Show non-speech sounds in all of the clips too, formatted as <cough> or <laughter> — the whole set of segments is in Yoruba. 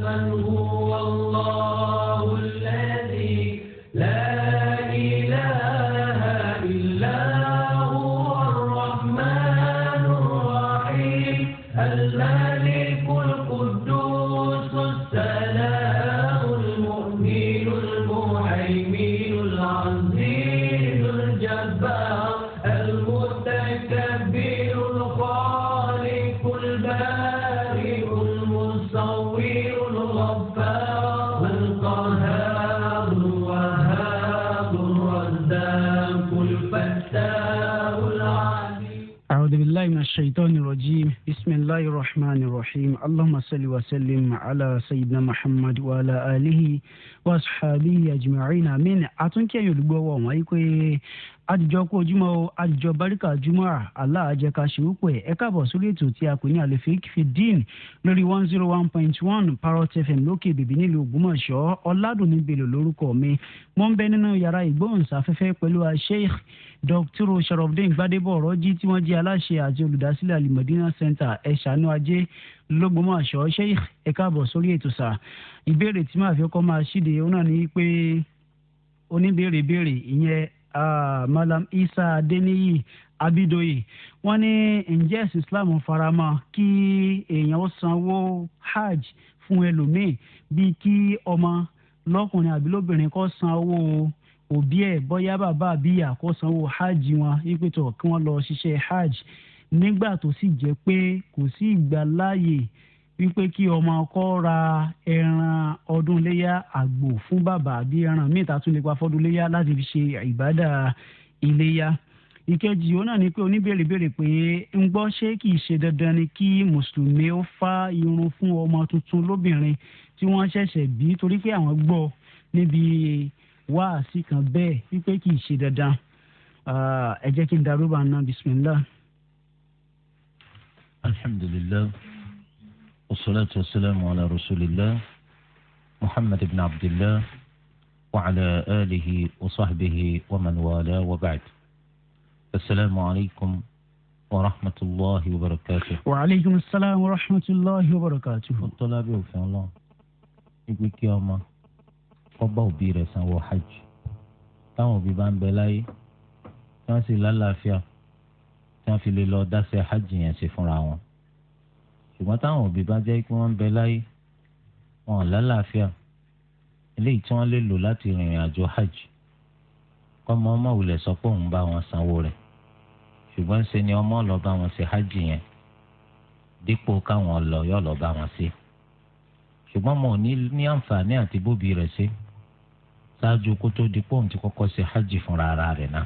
من هو الله وسلم على سيدنا محمد وعلى آله وأصحابه أجمعين آمين àtúnkẹ́ yòlúgbọ́ wọ̀ wọ́n yí àdìjọ kú ojúmọ́ o àdìjọ baríkà júmọ́ àlá àjẹká ṣerúpọ ẹ ẹ káàbọ̀ sórí ètò tí a pè ní àlefik fidin lórí one zero one point one parrot fm lókè bèbí nílùú Ògbómọ̀ṣọ́ ọládùnmí belò lórúkọ mi mo ń bẹ nínú yàrá ìgbóhùnsáfẹ́fẹ́ pẹ̀lú sheikh dr sharafdin gbadebo ọrọjí tí wọ́n jẹ́ aláṣẹ àti olùdásílẹ̀ alimọdínà center ẹṣánú ajé lọgbọmọṣọ sheikh ẹ káàbọ̀ sórí ètò sà ìbéèrè tí màá fi kọ́ máa ṣíde ó náà Ah, malam isa adeniyi abidoyi wọ́n ní ǹjẹ́ ẹ̀sìn islam faramọ́ kí èèyàn sanwó hajj fún ẹlòmíì bíi kí ọmọ lọ́kùnrin àbí lóbìnrin kó san owó òbí ẹ̀ bóyá bàbá àbí ìyá kó sanwó hajj wọn ìpètò kí wọ́n lọ ṣiṣẹ́ hajj nígbà tó sì jẹ́ pé kò sí ìgbàláyè. Si wípé kí ọmọ ọkọ ra ẹran ọdún léyà àgbò fún bàbá àbí ẹran míì tá a tún lè pa fọdún léyà láti fi ṣe ìbádà iléyà ìkejì òun náà ni pé oníbèrè béèrè pé ń gbọ́ ṣé kìí ṣe dandan ni kí mùsùlùmí ó fá irun fún ọmọ tuntun lóbìnrin tí wọ́n ṣẹ̀ṣẹ̀ bí torí pé àwọn gbọ́ níbi wáàsí kan bẹ́ẹ̀ wípé kìí ṣe dandan ah, ẹ jẹ́ kí n darúgbà náà bismillah. alhamdulillah. والصلاة والسلام على رسول الله محمد بن عبد الله وعلى آله وصحبه ومن والاه وبعد السلام عليكم ورحمة الله وبركاته وعليكم السلام ورحمة الله وبركاته الطلاب في الله يقول يوم ọba òbí rẹ̀ sanwó hajj táwọn òbí bá ń bẹ láyé tí wọ́n sì lálàáfíà tí ṣùgbọ́n táwọn òbí bá jẹ́ pé wọ́n ń bẹ láyé wọn ò lálàáfíà eléyìí tí wọ́n lè lò láti rìnrìn àjò hajj kọ́mọ ọmọ òwúlẹ̀ sọ pé òun bá wọn sanwó rẹ̀ ṣùgbọ́n ṣe ni ọmọ lọ bá wọn ṣe hajj yẹn dípò káwọn lọ yóò lọ bá wọn ṣe ṣùgbọ́n mo ní ní àǹfààní àti bóbi rẹ̀ ṣe ṣáájú kó tó di pọ́ùn ti kọ́kọ́ ṣe hajj fúnra ara rẹ̀ náà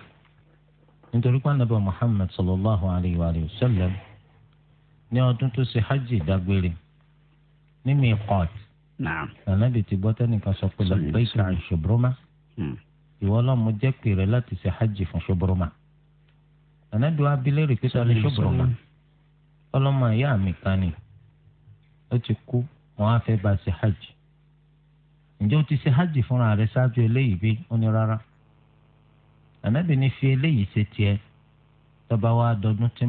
nítorí pé ànábì Muhammad sallallahu alayhi wa sallam. ní ọdún tó ṣe hajj dágbére ní miqat nànàbì ti gbọ́ tẹ́nìkan sọ pé labbayka an hmm. ìwọ ọlọ́mú jẹ́ pèrè láti hajj fún wa rè pé ọlọ́mọ ìyá mi kan ni ó ti kú wọn á fẹ́ bá ṣe hajj ǹjẹ́ o ti hajj fúnra rẹ ṣáájú eléyìí bí ó ní rárá fi eléyìí ṣe wa dọdún ń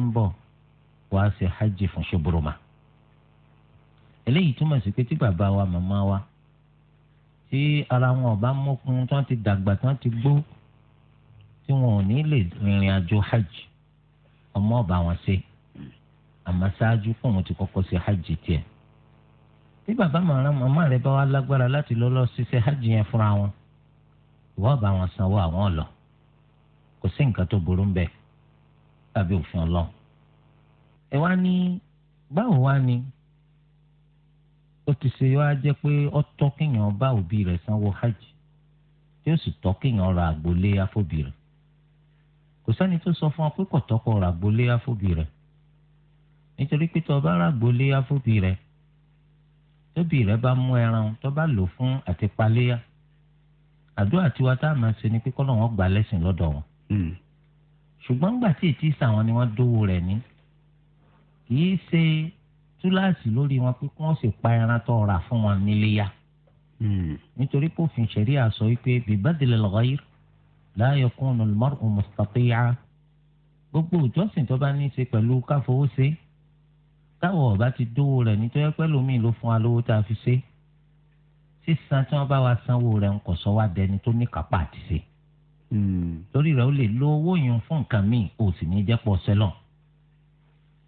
wàá ṣe hajj fún ṣoboroma eléyìí túmọ̀ sí pé tí bàbá wa màmá wa tí ara wọn ọba mọ́kun tí wọ́n ti dàgbà tí wọ́n ti gbó tí wọn ò ní lè rìnrìn àjò hajj ọmọ ọba wọn ṣe àmọ́ ṣáájú fún òun ti kọ́kọ́ ṣe hajj tiẹ̀ bí bàbá màmá rẹ bá wà lágbára láti lọ lọ ṣiṣẹ́ hajj yẹn fúnra wọn ìwọ ọba wọn sanwó àwọn ọlọ kò sí nǹkan tó burú ń bẹ tàbí òfin Ọlọ́run ẹ wá ní báwo wá ni ó ti ṣe wá jẹ́ pé ó tọ́ kéèyàn bá òbí rẹ̀ sanwó hajj tí ó sì tọ́ kéèyàn ra àgbólé afóbì rẹ̀ kò sẹ́ni tó sọ fún ọ pé kò tọ́kọ̀ ra àgbólé afóbì rẹ̀ nítorí pé tó ra àgbólé afóbì rẹ̀ tóbi rẹ̀ bá mú ẹran tó lò fún àti àdúrà tiwa tá a máa ṣe ni pé kọ́ lọ́wọ́ gbà lẹ́sìn lọ́dọ̀ wọn hmm. ṣùgbọ́n gbà tí ì tí sàwọn ni wọ́n dówó rẹ̀ ní kìí ṣe túláàsì lórí wọn pé kán sì pa ẹran tó rà fún wọn níléyà hmm. nítorí pé òfin ṣẹ̀ríà sọ wípé bìbádìlẹ̀ lọ́yìí la yakunu al-mar'u mustati'a gbogbo ìjọsìn tó bá ní í ṣe pẹ̀lú káfowó ṣe táwọn ọba ti dówó rẹ̀ nítorí pé lómìn ló fún wa lówó tá a fi ṣe sísan tí wọ́n bá wa sanwó rẹ̀ ń kò sọ wá dẹni tó ní kápá àti ṣe hmm. torí rẹ̀ ó lè lo owó yẹn fún nǹkan míì kò sì ní jẹ́ pọ̀ sẹ́lọ̀n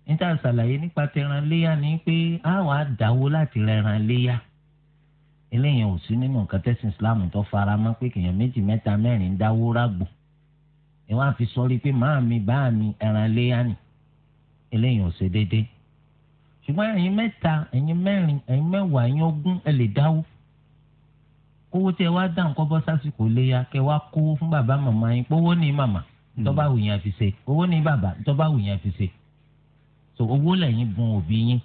níta ṣàlàyé nípa tẹran léyà ni pé àwọn àdáwó láti rẹran léyà eléyìí ò sí nínú nǹkan tẹ́sìn islam tó fara mọ́ pé kèèyàn méjì mẹ́ta mẹ́rin dáwó rágbò ẹ wá fi sọ rí i pé màámi ẹran léyà ni eléyìí ò ṣe déédéé ṣùgbọ́n ẹ̀yin mẹ́ta ẹ̀yin mẹ́rin ẹ̀yin mẹ́wàá ẹ̀yin ogún ẹ lè dáwó kówó tí ẹ wá dá nǹkan bọ́ sásìkò léyà kẹ wá kówó fún bàbá màmá yín pówó ní màmá hmm. tó bá wù yín àfi ṣe owó ní bàbá tó bá wù yín àfi ṣe so owó lẹ́yìn bùn òbí yín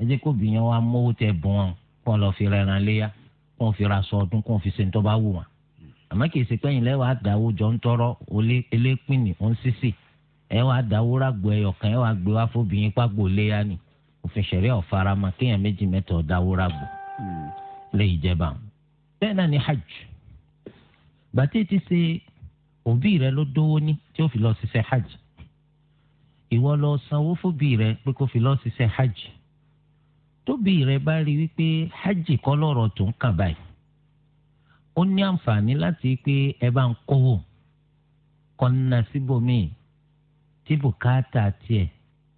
ẹ jẹ́ kó òbí yẹn wá mówó tẹ bùn wọn kó lọ fi rẹran léyà kó fi ra aṣọ ọdún kó fi ṣe ní tó bá wù wọn àmọ́ kì í ṣe pẹ́yìn lẹ́wọ̀ àdáwó jọ ń tọrọ elépìnì ń sísì ẹ wà àdáwó ràgbò ẹyọkan ẹ wà gbé wá fóbìyín pàgbò léyà ni òfin ṣẹ̀ríà ọ̀farama kéèyàn méjì mẹ́ta ọ̀dáwó ràgbò hmm. lè ìjẹba bẹ́ẹ̀ náà ni hajj bàtẹ́ ti ṣe òbí rẹ ló dówó ní tí ó fi lọ ṣiṣẹ́ hajj ìwọ lọ sanwó fóbì rẹ pé kó fi lọ ṣiṣẹ́ hajj tóbì rẹ bá rí wípé hajj kọ́ lọ́rọ̀ tó ń kàn báyìí ó ní àǹfààní láti pé ẹ bá ń kówó kọ́nà síbòmíì tí bùkátà tiẹ̀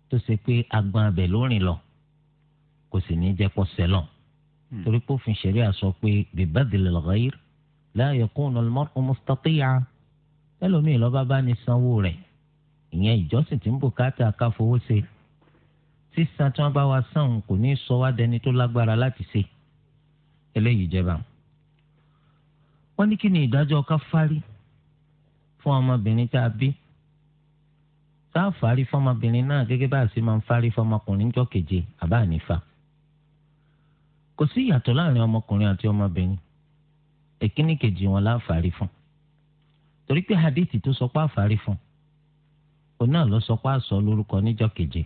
tó ṣe pé agbọn abẹ lórin lọ kò sì ní jẹ́ pọ̀ sẹ́lọ̀ hmm. torí pé òfin ṣẹ̀ríà sọ pé bibadhil ghayr la yakunu al-mar'u mustati'a ẹlòmíì lọ́ba bá ní sanwó rẹ̀ ìyẹn ìjọsìn tí ń bùkátà ká fowó ṣe sísan tí wọn bá wa san òun kò ní í sọ wá dẹni tó lágbára láti ṣe eléyìí jẹba wọn ní kí ni ìdájọ́ ká fárí fún ọmọbìnrin tá a bí tá a fárí fọmọbìnrin náà gẹ́gẹ́ bá a sì máa ń fárí fọmọkùnrin jọ keje àbá ànífà kò sí ìyàtọ̀ láàrin ọmọkùnrin àti ọmọbìnrin èkíní kejì wọn láǹfààrí fún torí pé hadith tó sọ pé àǹfààrí fún un òun náà ló sọ pé àsọ lórúkọ níjọ́ keje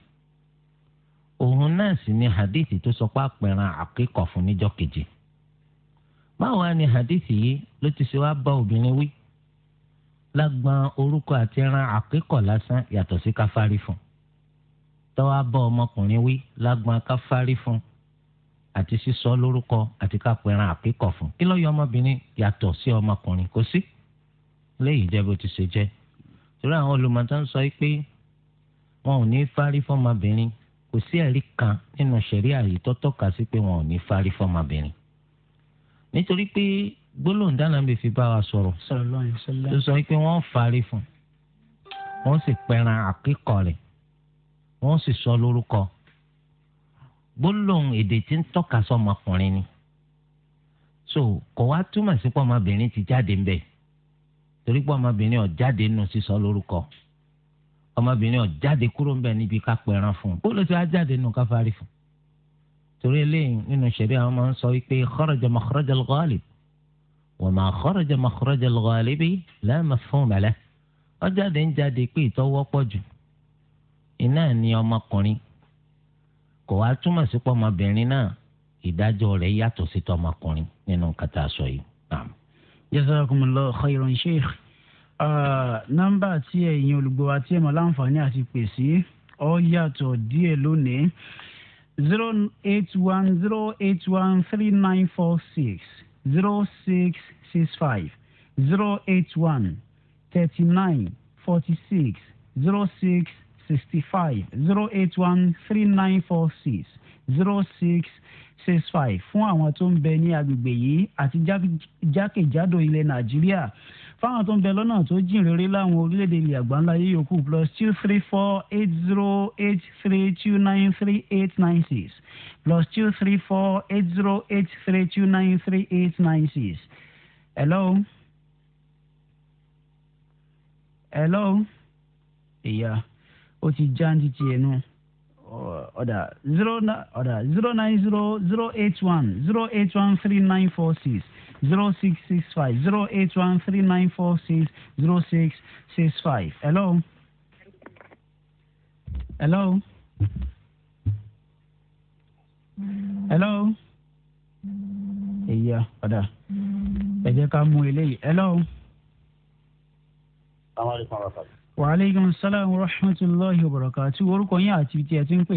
òun náà sì ni hadithi tó sọ pé àpẹran àkíkọ fún níjọ́ keje báwo á ni hadithi yìí ló ti ṣe wá bá obìnrin wí lágbọn orúkọ àti ẹran àkíkọ lásán yàtọ̀ sí káfárí fún tọ́wọ́ bá ọmọkùnrin wí lágbọn káfárí fún àti sísọ lórúkọ àti kápẹ́ran àkíkọ fún kí ló yọ ọmọbìnrin yàtọ̀ sí ọmọkùnrin kò sí léyìí jẹ́ bó ti ṣe jẹ́ torí àwọn olùmọ̀tán sọ pé wọn ò ní fárí fọmọbìnrin kò sí ẹ̀rí kan nínú ṣẹ̀ríà yìí tó tọ́ka sí pé wọn ò ní fárí fọmọbìnrin nítorí pé gbólóhùn dáná mi fi bá wa sọ̀rọ̀ tó sọ pé wọ́n fárí fún wọ́n sì pẹran àkíkọ̀ rẹ̀ wọ́n sì sọ lórúkọ gbólóhùn èdè tí ń tọ́ka sọmọkùnrin ni so kò wá túmọ̀ sí pé ọmọbìnrin ti jáde ń bẹ̀ẹ́ torí pé ọmọbìnrin ọ̀ jáde nù sísọ lórúkọ ọmọbìnrin ọ̀ jáde kúrò ń bẹ̀ níbi ká pẹran fún un ó ló ti wá jáde nù ká fárí fún un torí eléyìí nínú ṣẹ̀ríà àwọn máa ń sọ wípé kharaja makhraja al-ghalib wa ma kharaja makhraja al-ghalibi la mafhuma lahu ó jáde ń jáde pé ìtọ́wọ́ pọ̀ jù iná ni ọmọkùnrin kò wá túmọ̀ sí pé ọmọbìnrin náà ìdájọ́ rẹ̀ yàtọ̀ sí tọmọkùnrin nínú kàtà sọ yìí jazakumullahu khairan sheikh ah, nọ́mbà tí ẹ̀yin olùgbọ́ àti ẹ̀mọ́ láǹfààní àti pè sí ọ yàtọ̀ díẹ̀ lónìí zero eight one zero eight one three nine four six zero six six five zero eight one thirty nine forty six zero six sixty five zero eight one three nine four six zero six six five fún àwọn tó ń bẹ ní agbègbè yìí àti jákèjádò ilẹ̀ nàìjíríà fáwọn tó ń bẹ lọ́nà tó jìn rere láwọn orílẹ̀-èdè ilẹ̀ àgbáńlá yìí yòókù plus two three four eight zero eight three two nine three eight nine six plus two three four eight zero eight three two nine three eight nine six. hello. hello. ìyá ó ti já ní tiẹ̀ nù. ọ̀dà uh, zero ọ̀dà zero nine zero zero eight one zero eight one three nine four six zero six six five zero eight one three nine four six zero six six five. hello. hello. hello. Hey èyí ọ̀dà ẹ jẹ́ ká mú eléyìí. hello. salaamaleykum wa rahmatulah. waaleykum salaam wa rahmatulahi wa barakatu orúkọ yín àti tí ẹ ti ń pè.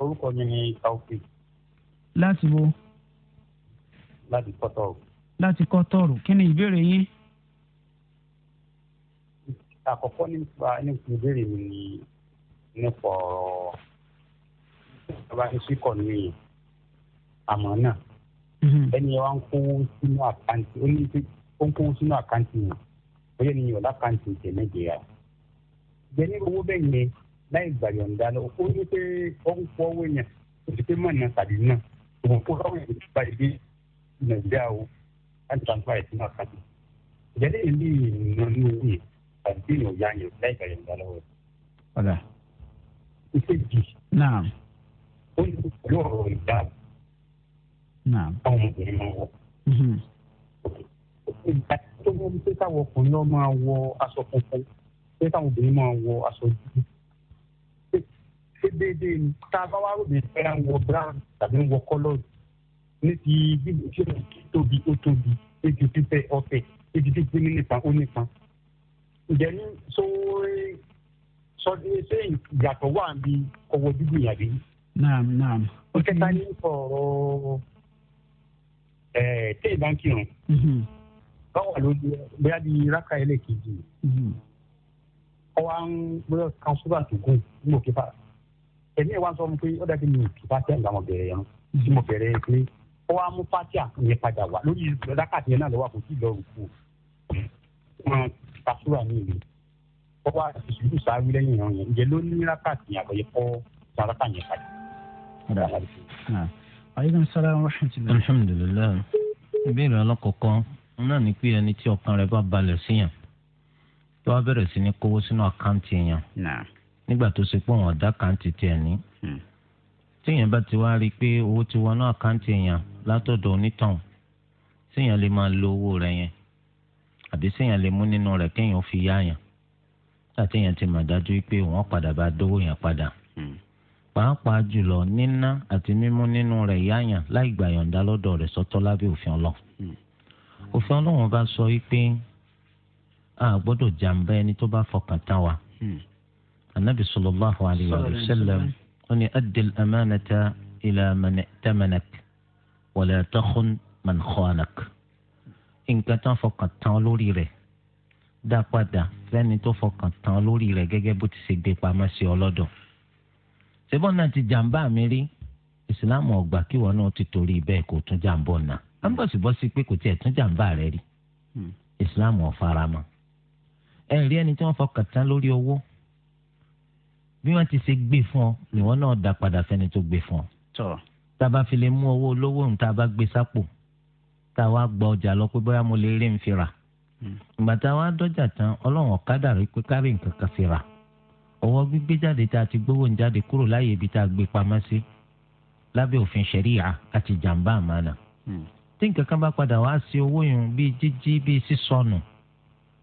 orúkọ mi ni taofi. láti wo. láti kọ́tọ̀rù. láti kọ́tọ̀rù kí ni ìbéèrè yín. àkọ́kọ́ nípa nípa ìbéèrè mi ni nípa ọ̀rọ̀ ìjọba ìṣíkọ̀ ní àmọ́ náà mm-hmm. ẹni wa ń kó sínú àkáǹtì ó ní ó ń kó sínú àkáǹtì yẹn bóyá ni yọ̀ọ́ lákàntì tẹ̀ nàìjíríà jẹ́ni owó bẹ́ẹ̀ yẹn láì gbàyọ̀ǹda lọ ó ní pé ó ń fọ́ owó yẹn kò sí pé mọ̀ ní tàbí náà òun kó káwọn èèyàn bá ibi nàìjíríà o láti bá ń pa ẹ̀sìn náà kàdé jẹ́ni èmi ìrìnà ní owó yẹn tàbí bí yóò yá yẹn láì gbàyọ̀ǹda lọ́wọ́ ọ̀dà. ìkejì. náà. ó ní pẹ̀lú ọ̀rọ̀ ìdáàbò. náà. táwọn máa wọ. ó ní ìdáàbò tó wọ́n pé káwọn ọkùnrin náà máa wọ aṣọ funfun pé káwọn obìnrin máa wọ aṣọ dúdú ṣé déédéé ni tá a bá wá rògbìn pé à ń wọ brown tàbí ń wọ colour ní ti gbígbó ṣé tóbi ó tóbi ètò pípẹ́ ọ̀tẹ̀ ètò pípẹ́ nípa ó nípa ǹjẹ́ ní sóore sọdún ṣé ìyàtọ̀ wà bí ọwọ́ dúdú yàrá yìí. naam naam. ó kẹta ní ọ̀rọ̀ ẹ̀ẹ́dẹ́gbàkìrún. Mm-hmm. bá wà lójú bí a di raka ẹlẹ́kejì ọ wa ń gbọ́dọ̀ kan súrà tó gùn ní mo kípa ẹ̀mí ẹ̀ wá sọ fún pé ó dàbí mi kípa tẹ́ ǹgbà mo bẹ̀rẹ̀ yẹn tí mo bẹ̀rẹ̀ pé ọ wa mú pátíà yẹn padà wá lórí raka yẹn náà lọ́wọ́ kò tí ì lọ́ọ́ rùkú wọn kípa súrà mi rè ọ wa ìṣubú sáré lẹ́yìn ìran yẹn ǹjẹ́ ló ní raka yẹn àbẹ̀yẹ kọ́ raka yẹn padà. Ah. aleykum salaam wa rahmatulah. alhamdulilayi ìbéèrè alákọ̀ọ́kọ́ náà ni pé ẹni tí ọkàn rẹ̀ bá balẹ̀ síyàn tó wá bẹ̀rẹ̀ sí ní kówó sínú àkáǹtì yẹn nígbà tó ṣe pé wọn ọ̀dà àkáǹtì tiẹ̀ ní. Hmm. téèyàn bá ti wá rí i pé owó ti wọnú àkáǹtì yẹn látọ̀dọ̀ onítàn séèyàn lè máa lo owó rẹ̀ yẹn àbí séèyàn lè mú nínú rẹ̀ kéèyàn fi yá yẹn látẹ̀yàn ti mà dájú pé wọ́n padà bá dówó yẹn padà. Hmm. pàápàá jùlọ níná àti mímú nínú rẹ̀ yá yẹn láì gbà yọ̀ǹda lọ́dọ̀ rẹ̀ sọ́tọ̀ lábẹ́ òfin ọlọ́run òfin ọlọ́run bá sọ wípé a gbọ́dọ̀ jàǹbá ẹni tó bá fọkàn tán wa. Hmm. anabi sallallahu alayhi wa sallam ó ní adil amanata ila man tamanak wala takhun man khanak. nǹkan tán fọkàn tán lórí rẹ̀ dá padà fẹ́ni tó fọkàn tán lórí rẹ̀ gẹ́gẹ́ bó ti ṣe gbé pamọ́ sí ọlọ́dọ̀. ṣé bọ́n náà ti jàǹbá mi rí ìsìláàmù ọgbà kíwọ náà ti torí bẹ́ẹ̀ kó tún jàǹbọ̀ náà à ń bọ̀sibọ́sí pé kò tiẹ̀ tún jàǹbá rẹ rí hmm. islam ò fara mọ́ ẹ rí ẹni tí wọ́n fọkàn tán lórí owó bí wọ́n ti ṣe gbé fún ọ ni wọ́n náà dá padà fẹ́ni tó gbé fún ọ. tá a bá fi lè mú owó olówó ohun tá a bá gbé sápò tá a wá gba ọjà lọ pé bóyá mo lè rí n fi rà hmm. ìgbà tá a wá dọ́jà tán ọlọ́run ọ̀kadà rí pé kárí nǹkan kan fi rà owó gbígbé jáde tá a ti gbówó ń jáde kúrò láàyè ibi tá a gbé pamọ́ sí lábẹ́ òfin ṣẹ̀ríyà àti jàǹbá àmàna. Hmm tí nǹkan kan bá padà wá sí owó yìí bíi jíjí bíi sísọnù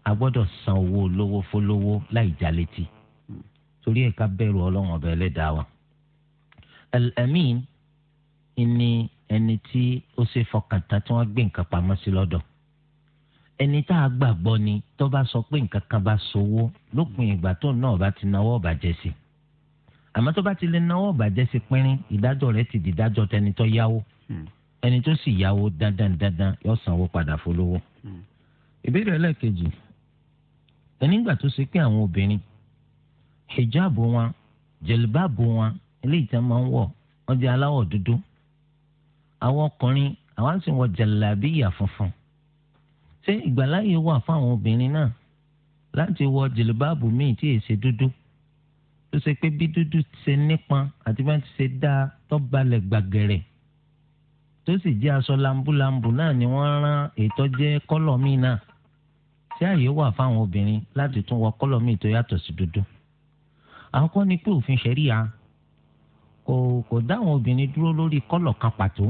a gbọ́dọ̀ san owó lówó fólówó láì já létí torí ẹ̀ ká bẹ̀rù ọlọ́run ọba ẹlẹ́dàá wa. al-amin ni ẹni tí ó ṣe fọkàn tán tí wọ́n gbé nǹkan pamọ́ sí lọ́dọ̀ ẹni tá a gbàgbọ́ ni tó bá sọ pé nǹkan kan bá sowó lópin ìgbà tó náà bá ti náwó ọ̀bàjẹ́ sí àmọ́ tó bá ti lè náwó ọ̀bàjẹ́ sí pínrín ìdájọ́ rẹ̀ ti di ìdájọ́ tẹni tó yáwó hmm ẹni tó sì yáwó dandan dandan yóò sanwó padà fólówó. Hmm. ìbéèrè ẹlẹ́ẹ̀kejì ẹnìgbà tó ṣe pé àwọn obìnrin hijab wọn jẹlibáàbù wọn eléyìí tí wọn máa ń wọ wọn jẹ aláwọ̀ dúdú àwọn ọkùnrin àwọn sì wọ jẹlẹbíyà funfun ṣé ìgbàláyè wà fún àwọn obìnrin náà láti wọ jẹlibáàbù míì tí èsè dúdú tó ṣe pé bí dúdú ṣe nípọn àti bí ti ṣe dáa tó gbàgẹ̀rẹ̀ tó sì jẹ́ aṣọ lambúlambù náà ni wọ́n rán ètò jẹ́ kọ́lọ́mì náà tí ààyè wà fáwọn obìnrin láti tún wọ kọ́lọ́mì tó yàtọ̀ sí dúdú. àkọ́kọ́ ni pé òfin ṣẹ̀ríya kò kò dá àwọn obìnrin dúró lórí kọ́lọ̀ kan pàtó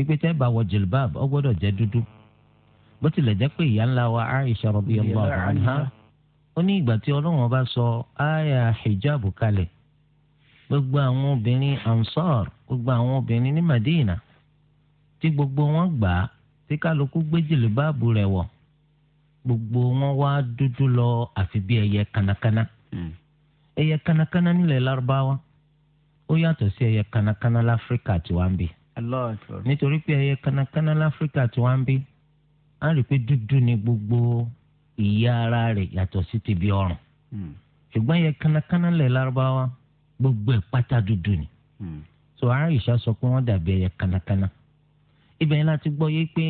ipe tẹ́ bá wọ jilbab ó gbọ́dọ̀ jẹ́ dúdú bó tilẹ̀ jẹ́ pé ìyá ńlá wa Aisha radiyallahu anha ó ní ìgbà tí ọlọ́run bá sọ aya hijab kalẹ̀ gbogbo àwọn obìnrin ansar gbogbo àwọn obìnrin ní Madina tí gbogbo wọn gbà á tí kálukú gbé jìlìbáàbù rẹ̀ wọ̀ gbogbo wọn wá dúdú lọ àfi bí ẹyẹ kanakana hmm. ẹyẹ kanakana nílẹ̀ lárúbáwá ó yàtọ̀ sí ẹyẹ kanakana láfíríkà tí wọ́n ń bí nítorí pé ẹyẹ kanakana láfíríkà tí wọ́n ń bí á rí i pé dúdú ni gbogbo ìyá ara rẹ̀ yàtọ̀ sí ti bí ọrùn hmm. ṣùgbọ́n ẹyẹ kanakana lẹ̀ lárúbáwá gbogbo ẹ̀ pátá dúdú ni hmm. so Aisha sọ pé wọ́n dàbí ẹyẹ kanakana. Mm ibẹ̀ yẹn láti gbọ́ yé pé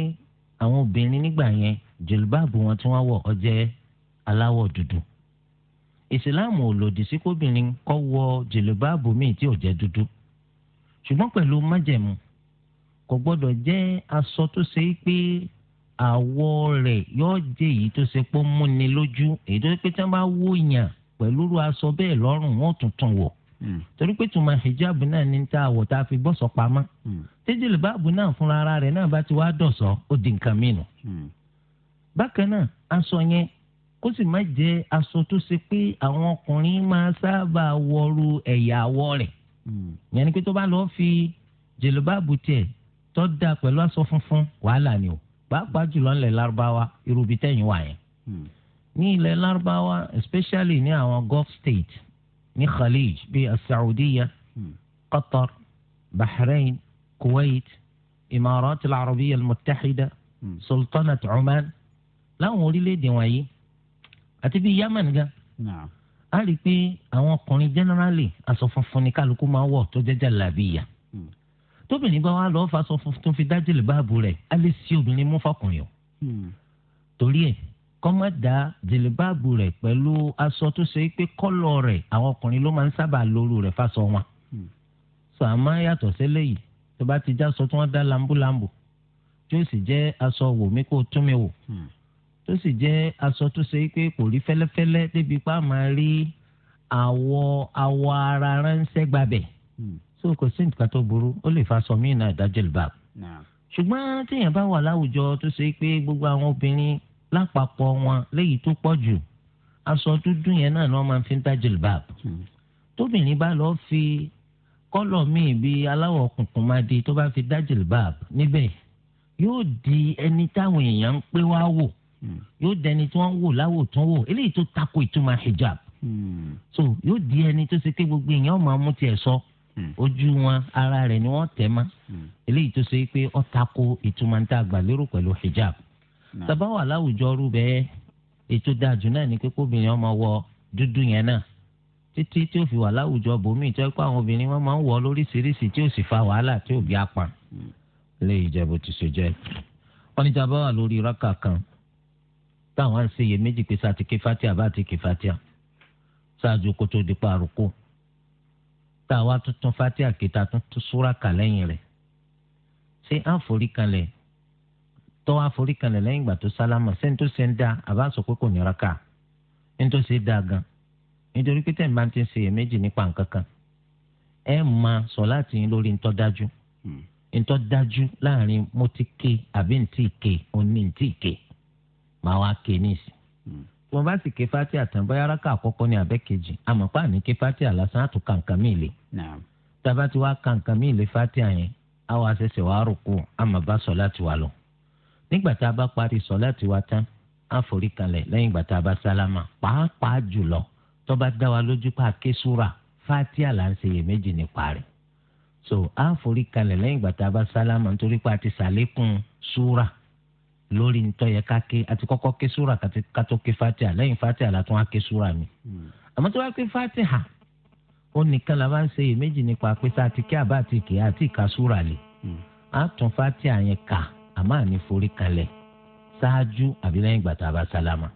àwọn obìnrin nígbà yẹn jìlbáàbù wọn tí wọ́n wọ̀ ó jẹ́ aláwọ̀ dúdú ìsìláàmù ò lòdì sí kóbìnrin kó wọ jìlbáàbù míì tí ò jẹ́ dúdú ṣùgbọ́n pẹ̀lú májẹ̀mú kò gbọ́dọ̀ jẹ́ aṣọ tó ṣe é pé àwọ̀ rẹ̀ yóò jẹ́ èyí tó ṣe pé ó múni lójú èyí tó ṣe pé tí wọ́n bá wó yàn pẹ̀lú irú aṣọ bẹ́ẹ̀ lọ́rùn wọn ò tuntun wọ̀ hmm. torí pé tùmọ̀ hijab náà ní ta àwọ̀ tá a fi gbọ́sọ̀ pamọ́ hmm tíjìlì báàbù náà fúnra ara rẹ̀ náà bá ti wá dọ̀sọ́ ó di nǹkan mìíràn. Hmm. bákan náà aṣọ yẹn kó sì má jẹ́ aṣọ tó ṣe pé àwọn ọkùnrin máa sábà wọru ẹ̀yà àwọ̀ rẹ̀ hmm. yẹn ni pé tó bá lọ́ọ́ fi jìlì báàbù tiẹ̀ tó da pẹ̀lú aṣọ funfun wàhálà ni o pàápàá jùlọ ńlẹ̀ lárúbáwá irú tẹ̀yìn wà yẹn hmm. ní ilẹ̀ lárúbáwá especially ní àwọn gulf state ní khalij bíi asaudiya qatar bahrain كويت، imarat al-arabiya al عمان، لا oman láwọn orílẹ̀-èdè wọ̀nyí àti bíi yemen gan. a rí i pé àwọn ọkùnrin generally aṣọ funfun ni kálukú máa wọ̀ tó jẹ́ jàlábíyà hmm. tóbìnrin bá wà lọ́ọ́ faṣọ funfun fi dájìlì báàbù rẹ̀ á lè sí obìnrin mú fọkùnrin o. Hmm. torí ẹ̀ kọ́ má da jìlìbáàbù rẹ̀ pẹ̀lú aṣọ tó ṣe pé kọ́lọ̀ rẹ̀ àwọn ọkùnrin ló máa ń sábà lóru rẹ̀ faṣọ wọn. Hmm. sọ àmọ́ yàtọ̀ sílẹ̀ yìí tó ti já sọ tí wọ́n dá lambúlambù tí ó sì jẹ́ aṣọ wò mí kó tún mi wò hmm. tó sì jẹ́ aṣọ tó ṣe pé kò rí fẹ́lẹ́fẹ́lẹ́ débi pa máa rí àwọ̀ àwọ̀ ara ránṣẹ́ gbàbẹ̀ hmm. so kò sí nǹkan tó burú ó lè fa aṣọ míì náà ìdájọ́ ìbá ṣùgbọ́n téèyàn bá wà láwùjọ tó ṣe pé gbogbo àwọn obìnrin lápapọ̀ wọn léyìí tó pọ̀ jù aṣọ dúdú yẹn náà ni wọ́n máa fi ń dá jilbab hmm. tóbìnrin bá lọ́ọ́ fi kọ́lọ̀ míì bíi aláwọ̀ kùnkùn máa di tó bá fi dá jìlbáàb níbẹ̀ yóò di ẹni táwọn èèyàn ń pé wá wò hmm. yóò di ẹni tí wọ́n ń wò láwò tún wò eléyìí tó tako ìtumọ̀ hijab hmm. so yóò di ẹni tó ṣe pé gbogbo èèyàn máa mú tiẹ̀ sọ hmm. ojú wọn ara rẹ̀ ni wọ́n tẹ̀ mọ́ eléyìí tó ṣe pé ó tako ìtumọ̀ ń ta àgbàlérò hijab tàbá wà láwùjọ rú bẹ́ẹ̀ ètò dájú náà ni pé kóbìnrin ọmọ wọ dúdú yẹn náà títí tí ó fi wà láwùjọ bòmíì tó ẹ pé àwọn obìnrin wọn máa ń wọ lóríṣiríṣi tí ó sì fa wàhálà tí ò bí apà hmm. lè ìjẹ́bù ti ṣe jẹ́ wọ́n ní jábọ́ wà lórí rákà kan táwọn ń ṣiyè méjì pé sá ti ké fatia bá ti ké fatia ṣáájú kó tó di paroko táwa tuntun fatia kẹta tuntun súra lẹ́yìn rẹ̀ ṣé àforíkalẹ̀ tọ́ àforíkalẹ̀ lẹ́yìn ìgbà tó sálámà ṣé ní tó ṣe ń dá àbá sọ pé kò ní rákà ní tó ṣe dá gan-an nítorí pé tẹ̀ ń bá ti ń ṣèyẹ méjì nípa nǹkan kan ẹ máa sọ láti yín lórí ntọ́ dájú hmm. ntọ́ dájú láàrin mo ti ké àbí ntí ké òní ntí ké màá wá ké níìsì hmm. tí wọ́n bá sì ké fati àtàn bóyá rákà àkọ́kọ́ ní abẹ́ kejì àmọ́ pa àní ké fati àlásán àtún kàǹkà mí le tábà tí wàá kàǹkà mí le fati àyẹn á wàá ṣẹ̀ṣẹ̀ wàá rò kú àmọ́ bá sọ láti wà lọ nígbà tá a bá parí sọ láti wà tán á lẹ́yìn ìgbà tá a bá sálámà pàápàá jùlọ tó bá dá wa lójú pa ké súra fatia là ń ṣe iyèméjì nípa so a forí kalẹ̀ lẹ́yìn ìgbà tá a bá sálámà nítorí pé a ti sàlékún súra lórí ntọ́ yẹ ká àti kọ́kọ́ ké súra ká ké fatia lẹ́yìn fatia la tún sura ké súra mi àmọ́ tó bá ké fatia ó nìkan la bá ń ṣe iyèméjì nípa pé sáà ti ké àbá àti ìké àti ìka súra lè a tún fatia yẹn ka, àmọ́ àní forí kalẹ̀ ṣáájú àbí lẹ́yìn ìgbà tá a bá sálámà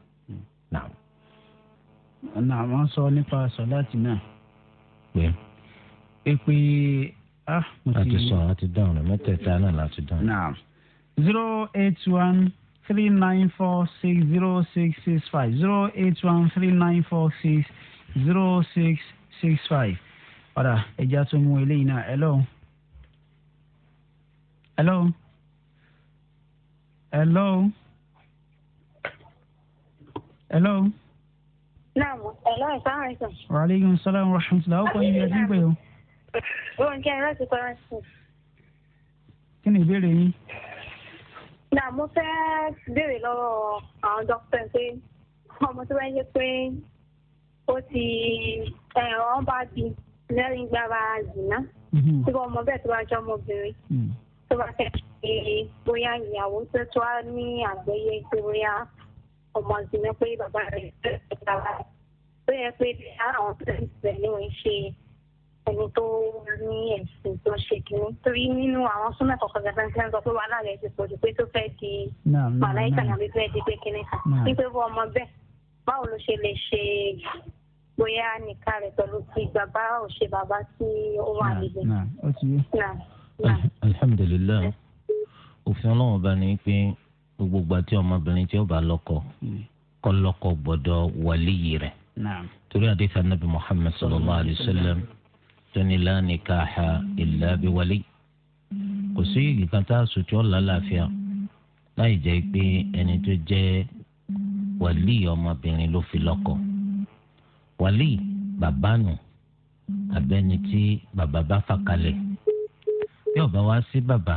ọ̀nà àwọn sọ nípa sọ̀láàtì náà. pé e pé a. a ah, ti sọ a ti dáhùn rẹ mẹ́tẹ̀ẹ̀ta náà la ti dáhùn. naam zero eight one three nine four six zero six six five zero eight one three nine four six zero six six five padà ẹja tó mú eléyìí náà hello. hello. hello. hello. Naam, ẹ̀lọ́ ìsáhùn ẹ̀sán. Wa alaikum salaam wa rahmatullah, ọkọ̀ yín bí ẹ ti ń pè o. Rónkẹ́ láti Kọ́ránsì. Kí ni ìbéèrè yín? Náà mo fẹ́ béèrè lọ́wọ́ àwọn dókítà pé ọmọ tó bá yẹ pé ó ti ọ̀n bá bí lẹ́rìn gbára zìnà. Mhm. Tí wọ́n mọ bẹ́ẹ̀ tó bá jẹ́ ọmọbìnrin mhm. tó bá fẹ́ ṣe bóyá ìyàwó tó tó wá ní àgbẹ̀yẹ ọmọ zina pé bàbá rẹ̀ fẹ́ ọ̀gá wa tó yẹ pé ara àwọn pẹ̀lú pẹ̀lú ń ṣe ẹni tó ní ẹ̀sìn tó ṣe kìíní torí nínú àwọn súnmọ́ kọ̀ọ̀kan gàdá ń sọ pé wàhálà rẹ̀ ti pọ̀jù pé tó fẹ́ di màláìkà nàbí fẹ́ di pé kìíní kan wípé fún ọmọ bẹ́ẹ̀ báwo ló ṣe lè ṣe bóyá nìka rẹ̀ pẹ̀lú ti bàbá ò ṣe bàbá tí ó wà níbẹ̀. alhamdulilayi òfin ọlọ́run bá ní pé gbogbo ìgbà tí ọmọbìnrin tí ó bá lọ́kọ hmm. kọ́ lọ́kọ gbọ́dọ̀ wàlíyì rẹ̀ torí àdéhùn anabi muhammed sallallahu alayhi wa sallam tóní la nikaha illa bi wàlíyì kò sí ìgbìkan tá a sùn tí ó lálàáfíà láì jẹ́ pé ẹni tó jẹ́ wàlíyì ọmọbìnrin ló fi lọ́kọ wàlíyì bàbá abẹ́ni tí bàbá bá fà kalẹ̀ bí ọba wá sí bàbá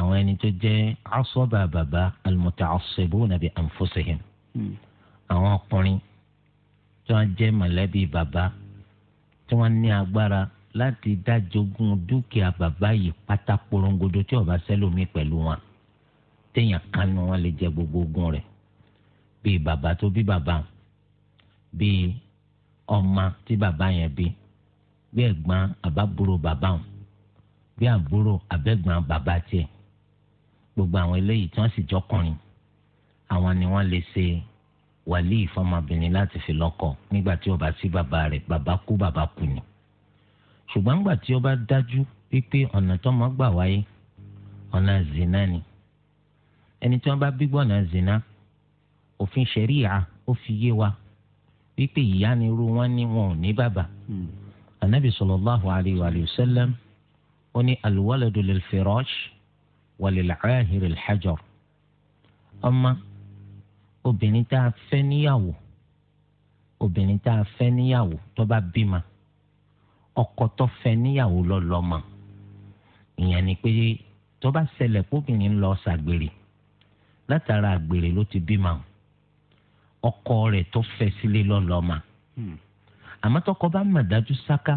àwọn ẹni tó jẹ́ asọ́ba bàbá al-muta'assibuna bi anfusihim hmm. àwọn ọkùnrin tí wọ́n jẹ́ mọ̀lẹ́bí bàbá tí wọ́n ní agbára láti dájogún dúkìá bàbá yìí pátá porongodo tí ó bá sẹ́lómi pẹ̀lú wọn téèyàn kanu wọn lè jẹ gbogbo ogún rẹ̀ bíi bàbá tó bí bàbá bíi ọmọ tí bàbá yẹn bí bí ẹ̀gbọ́n àbábúrò bàbá bí àbúrò abẹ́gbọ́n bàbá tiẹ̀ gbogbo àwọn eléyìí tí wọ́n sì jọkùnrin àwọn ni wọ́n lè ṣe wàlí ìfọmọbìnrin láti fi lọ́kọ nígbà tí ó bá sí bàbá rẹ̀ bàbá kú bàbá kú ni ṣùgbọ́n nígbà tí ó dájú wípé ọ̀nà tọ́mọ gbà wáyé ọ̀nà zina ni ẹni tí wọ́n bá gbígbọ́ ọ̀nà zina òfin ṣẹ̀ríyà ó fi yé wa wípé ìyá ni irú wọn ni wọn ò ní bàbá anabi hmm. sallallahu alayhi wa sallam ó ní alwaladu lil firash. وللعاهر الحجر أما ọmọ obìnrin tá a fẹ́ níyàwó obìnrin tá a fẹ́ níyàwó tó bá bímọ ọkọ tó fẹ́ níyàwó lọ lọ́mọ ìyẹn ni pé tó bá ṣẹlẹ̀ kóbìnrin lọ ṣàgbèrè látara àgbèrè ló ti bímọ ọkọ rẹ̀ tó fẹ́ sílé lọ lọ́mọ hmm. àmọ́ tọkọ bá mọ̀ dájú sáká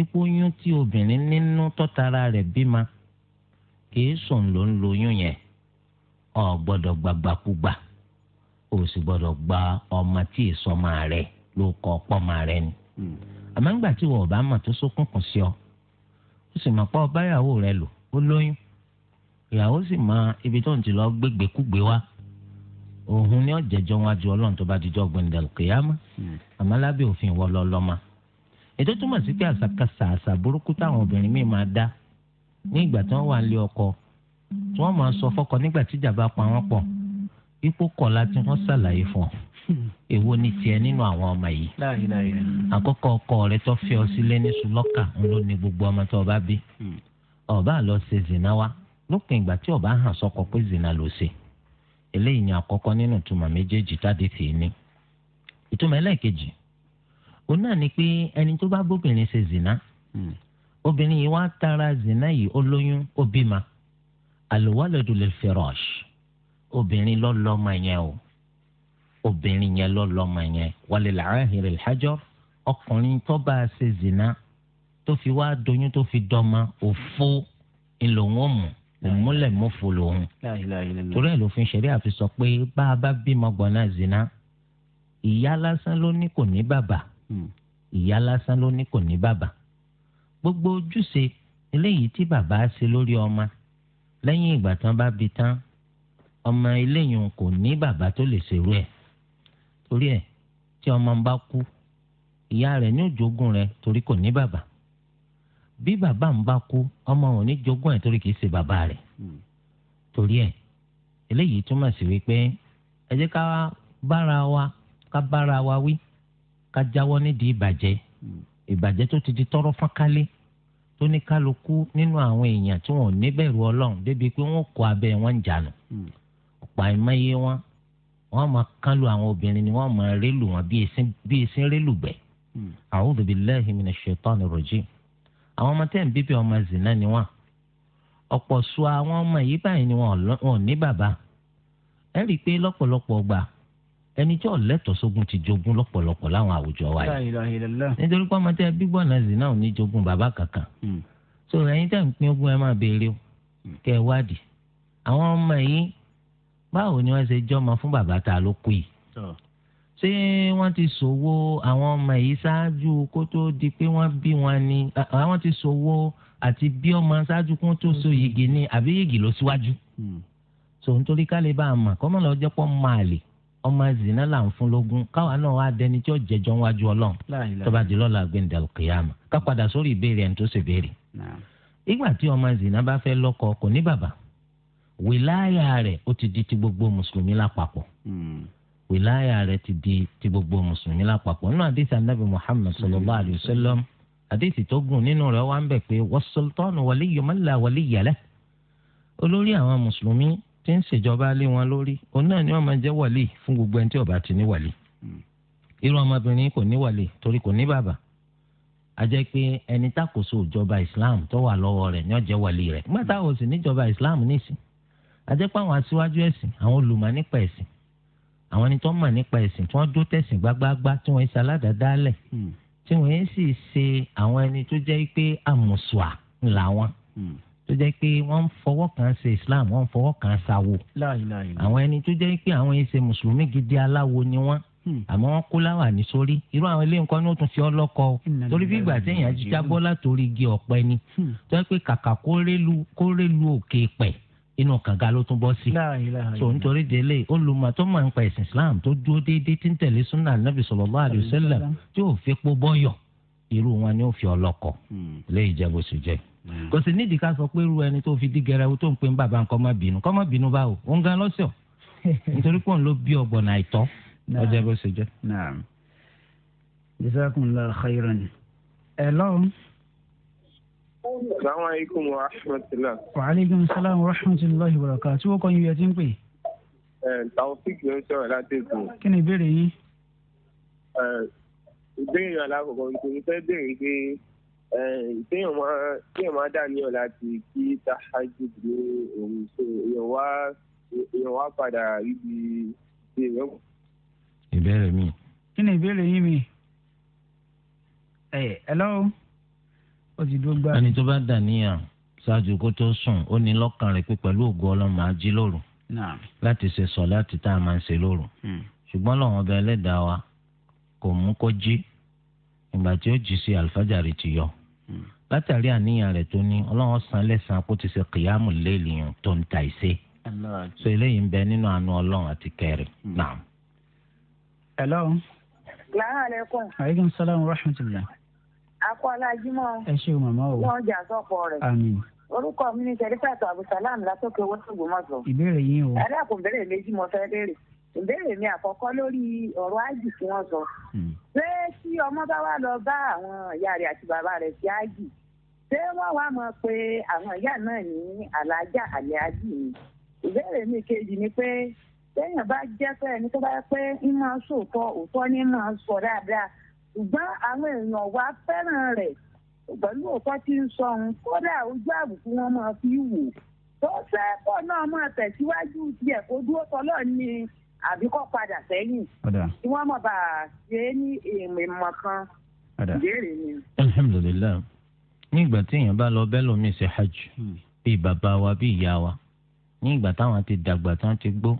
ipò oyún tí obìnrin nínú tọ́tara rẹ̀ bímọ kìí sùn ló ń lóyún yẹn ọ gbọ́dọ̀ gbàgbàkúgbà o sì gbọ́dọ̀ gba ọmọ tí ìsọmọ rẹ ló kọ pọmọ rẹ ni hmm. àmọ́ ńgbà tí wọ́n bá mọ̀ tó sókùnkùn sí ọ ó sì mọ̀ pé ọba ìyàwó rẹ lò ó lóyún ìyàwó sì mọ ibi tó ń ti lọ gbégbékúgbé wá òun ni ọ̀jẹ̀jọ́ wọn ju ọlọ́run tó bá dijọ́ gbẹ̀ndẹ̀lù kìyàmá hmm. àmọ́ lábẹ́ òfin ìwọ lọ́lọ́mà ètò túmọ̀ sí pé àṣàkáṣà àṣà burúkú táwọn obìnrin míì máa dá ní ìgbà tí wọ́n wà lé ọkọ tí wọ́n máa sọ fọ́kọ nígbà tí ìjàmbá pa wọ́n pọ̀ ipò kọ̀ tí wọ́n ṣàlàyé fún ọ èwo ni tiẹ̀ nínú àwọn ọmọ yìí àkọ́kọ́ ọkọ rẹ tó fẹ́ ọ sílé ní gbogbo ọmọ tó bá bí ọba lọ ṣe zina wa lópin ìgbà tí ọba hàn sọkọ pé zina ló ṣe eléyìí ni àkọ́kọ́ nínú obìnrin yìí wá tara zina yìí ó lóyún ó bímọ alwaladu lil firash obìnrin ló yẹn o obìnrin yẹn ló lọ́mọ yẹn walil ahir al ọkùnrin tó bá a ṣe zina tó fi wá doyún tó fi dọ́mọ òfo ńlọwọ́n mu òmúlẹ̀ mọ́fò lòun torí ẹ̀ lófin ṣẹ̀rí àfi sọ pé bá a bá bímọ gbọ̀nà zina ìyá lásán ló ní kò ní bàbá hmm. ìyá lásán ló ní kò ní bàbá gbogbo ojúṣe eléyìí tí bàbá ṣe lórí ọmọ lẹ́yìn ìgbà tán bá bí tán ọmọ eléyìí kò ní bàbá tó lè ṣerú ẹ̀ torí ẹ̀ tí ọmọ ń bá kú ìyá rẹ̀ ní òjogún rẹ̀ torí kò ní bàbá bí bàbá ń bá kú ọmọ ò ní jogún ẹ̀ torí kìí ṣe bàbá rẹ̀ hmm. torí ẹ̀ eléyìí túmọ̀ sí wípé ẹ jẹ́ ká bára wa ká bára wa wí ká jáwọ́ nídìí ìbàjẹ́ hmm. ìbàjẹ́ tó ti di tọrọ fọ́nkálé tó ní kálukú nínú àwọn èèyàn tí wọn ò níbẹ̀rù ọlọ́run débi pé wọ́n kó abẹ wọn ń hmm. ọ̀pọ̀ àìmọye wọn wọ́n máa kán lu àwọn obìnrin ni wọ́n máa rélu wọn bí esin hmm. àwọn ọmọ tẹ́ ń bíbí ni wọn ọ̀pọ̀ sọ àwọn ọmọ ni wọn ò ní bàbá ẹ rí i pé ẹni tí ọ̀lẹ́tọ̀ sógun ti jogún lọ́pọ̀lọpọ̀ láwọn àwùjọ wa yìí nítorí pé ọmọ tẹ bíbọ̀ náà náà ní jogún bàbá kankan hmm. so ẹ̀yin tẹ̀ ń pín ogún ẹ máa béèrè o hmm. kẹ́ ẹ wádìí àwọn ọmọ yìí báwo ni wọ́n ṣe jọ́mọ fún bàbá ta ló kú yìí ṣé wọ́n ti ṣòwò àwọn ọmọ yìí ṣáájú kó tó di pé wọ́n bí wọn ni àwọn ti ṣòwò àti bí ọmọ ṣáájú kó tó so yìgì ni àbí yìgì ló síwájú hmm. so nítorí ká lè bá a mà kọ́mọ́ lọ pọ́ máa lè ọmọ zina là ń fún lógún káwa náà wá dẹni tí ó jẹjọ wájú Ọlọ́run tó bá di lọ́la gbẹndẹ kìyàmù ká padà sórí ìbéèrè ẹni tó ṣe béèrè. ìgbà tí ọmọ zina bá fẹ́ lọ́kọ kò ní bàbá wìláyà rẹ̀ ó ti di ti gbogbo mùsùlùmí lápapọ̀ hmm. wìláyà rẹ̀ ti di ti gbogbo mùsùlùmí lápapọ̀ nínú àdìsí anábì Muhammad sallallahu alayhi wa sallam àdìsí tó gùn nínú rẹ̀ wá ń bẹ̀ pé wọ́n tí ń ṣèjọba lé wọn lórí òun náà ni wọn máa jẹ wàlí fún gbogbo ẹni tí ọba ti ní wàlí hmm. irú ọmọbìnrin kò ní wàlí torí kò ní bàbá a jẹ́ pé ẹni tàkóso ìjọba islam tó wà lọ́wọ́ rẹ̀ yóò jẹ́ wàlí rẹ̀ nígbà ò sì níjọba islam nísìn a jẹ́ pé àwọn aṣíwájú ẹ̀sìn àwọn olùmọ̀ nípa ẹ̀sìn àwọn ẹni tó mọ̀ nípa ẹ̀sìn tí wọ́n dó tẹ̀sìn gbágbáágbá tí wọ́n ṣe aládàádáálẹ̀ hmm. tí wọ́n sì ṣe àwọn ẹni tó jẹ́ pé àmùsùà làwọn tó jẹ́ pé wọ́n ń fọwọ́ kan ṣe islam wọ́n ń fọwọ́ kan ṣàwò àwọn ẹni tó jẹ́ pé àwọn ẹ̀ṣẹ̀ mùsùlùmí gidi aláwo ni wọ́n hmm. àmọ́ wọ́n kó láwà ní sórí irú àwọn ilé nǹkan ní ó tún fi ọlọ́kọ torí bí ìgbà téèyàn ti jábọ́ látòrí igi ọ̀pẹ ni hmm. tó jẹ́ pé kàkà kó rélu kó rélu òkè pẹ̀ inú kànga ló tún bọ́ sí. so nítorí délé olùmọ̀ tó máa ń pa ẹ̀sìn islam tó dúró déédéé tí ń tẹ̀lé súnà nàbì sallallahu alaihi wasallam tí ò fi pó bọ́yọ̀ irú wọn ni ó fi ọlọ́kọ hmm. lé ìjẹ́bù jẹ́. Mm. kò sí nídìí ká sọ pé irú ẹni tó fi dí gẹrẹwu tó ń pè ń bàbá nǹkan má bínú kọ́ má bínú báwo òun gan lọ́sọ̀ <laughs> nítorí pé òun ló bí ọgbọ̀n àìtọ́ ọjọ́ bó ṣe jẹ́. jazakumullahu khairan. hello. salaamaleykum wa rahmatulah. wa aleykum salaam wa rahmatulahi wa barakatuh tí wọ́n kọ́ yín eh, bí ẹ ti ń pè. taofik ló ń sọ̀rọ̀ láti èkó. kí ni ìbéèrè yín. Eh, ìbéèrè alákọ̀ọ́kọ́ ìpè kéèyàn eh, máa kéèyàn máa dàníyàn láti kí tahajjud ní òun so èèyàn wá èèyàn wá padà ibi tí èèyàn. ìbéèrè mi. kí ni ìbéèrè yín mi? ẹ ẹ lọ́wọ́ ó ti dúró gbá. ẹni tó bá dàníyàn ṣáájú kó tó sùn ó ní lọ́kàn rẹ̀ pé pẹ̀lú ògo ọlọ́run máa jí lóru láti ṣe sọ láti tá a máa ń ṣe lóru hmm. ṣùgbọ́n lọ́wọ́n ọba ẹlẹ́dàá wa kò mú kó jí ìgbà tí ó jí sí àlùfájàre ti yọ látàrí àníyàn rẹ̀ tó ní ọlọ́run san lẹ́sàn-án kó ti ṣe kìyàmù léèlì yàn tó ń ta ìṣe so eléyìí ń bẹ nínú àánú ọlọ́run àti kẹrin hmm. náà. hello. salaamaleykum. aleykum salaam wa rahmatulah. akọ alájúmọ. ẹ ṣe màmá o. wọn jà sọpọ rẹ. àmín orúkọ mi ni sẹ́rífàtọ̀ àbùsálàm látòkè owó tó gbọmọ̀tò. ìbéèrè yín o. alákùnbẹ̀rẹ̀ méjì mo fẹ́ béèrè. ìbéèrè mi àkọ́kọ́ lórí ọ̀rọ̀ ájì tí wọ́n sọ. ki hmm. ọmọ bá wà lọ bá àwọn ìyá rẹ̀ àti bàbá rẹ̀ sí ájì ṣé wọ́n wá mọ̀ pé àwọn ìyá náà ní àlàájá àlẹ́ ájì ni. ìbéèrè mi kejì ni pé téèyàn bá jẹ́ pé ẹni tó bá yẹ pé ń máa sòótọ́ òótọ́ ní máa sọ wa fẹ́ràn rẹ̀ pẹ̀lú òótọ́ tí ń sọ òun kódà ojú àbùkù wọn máa fi wò tó fẹ́ pọ̀ náà máa tẹ̀síwájú tiẹ̀ kó ni àbí kó padà sẹ́yìn tí wọ́n mọ̀ bá a ṣe é ní ìmọ̀ kan ìbéèrè ni. alhamdulilayi ní ìgbà tí èèyàn bá lọ bẹ́ẹ̀ lómi ṣe hajj bíi bàbá wa bíi ìyá wa ní ìgbà táwọn ti dàgbà tí wọ́n ti gbó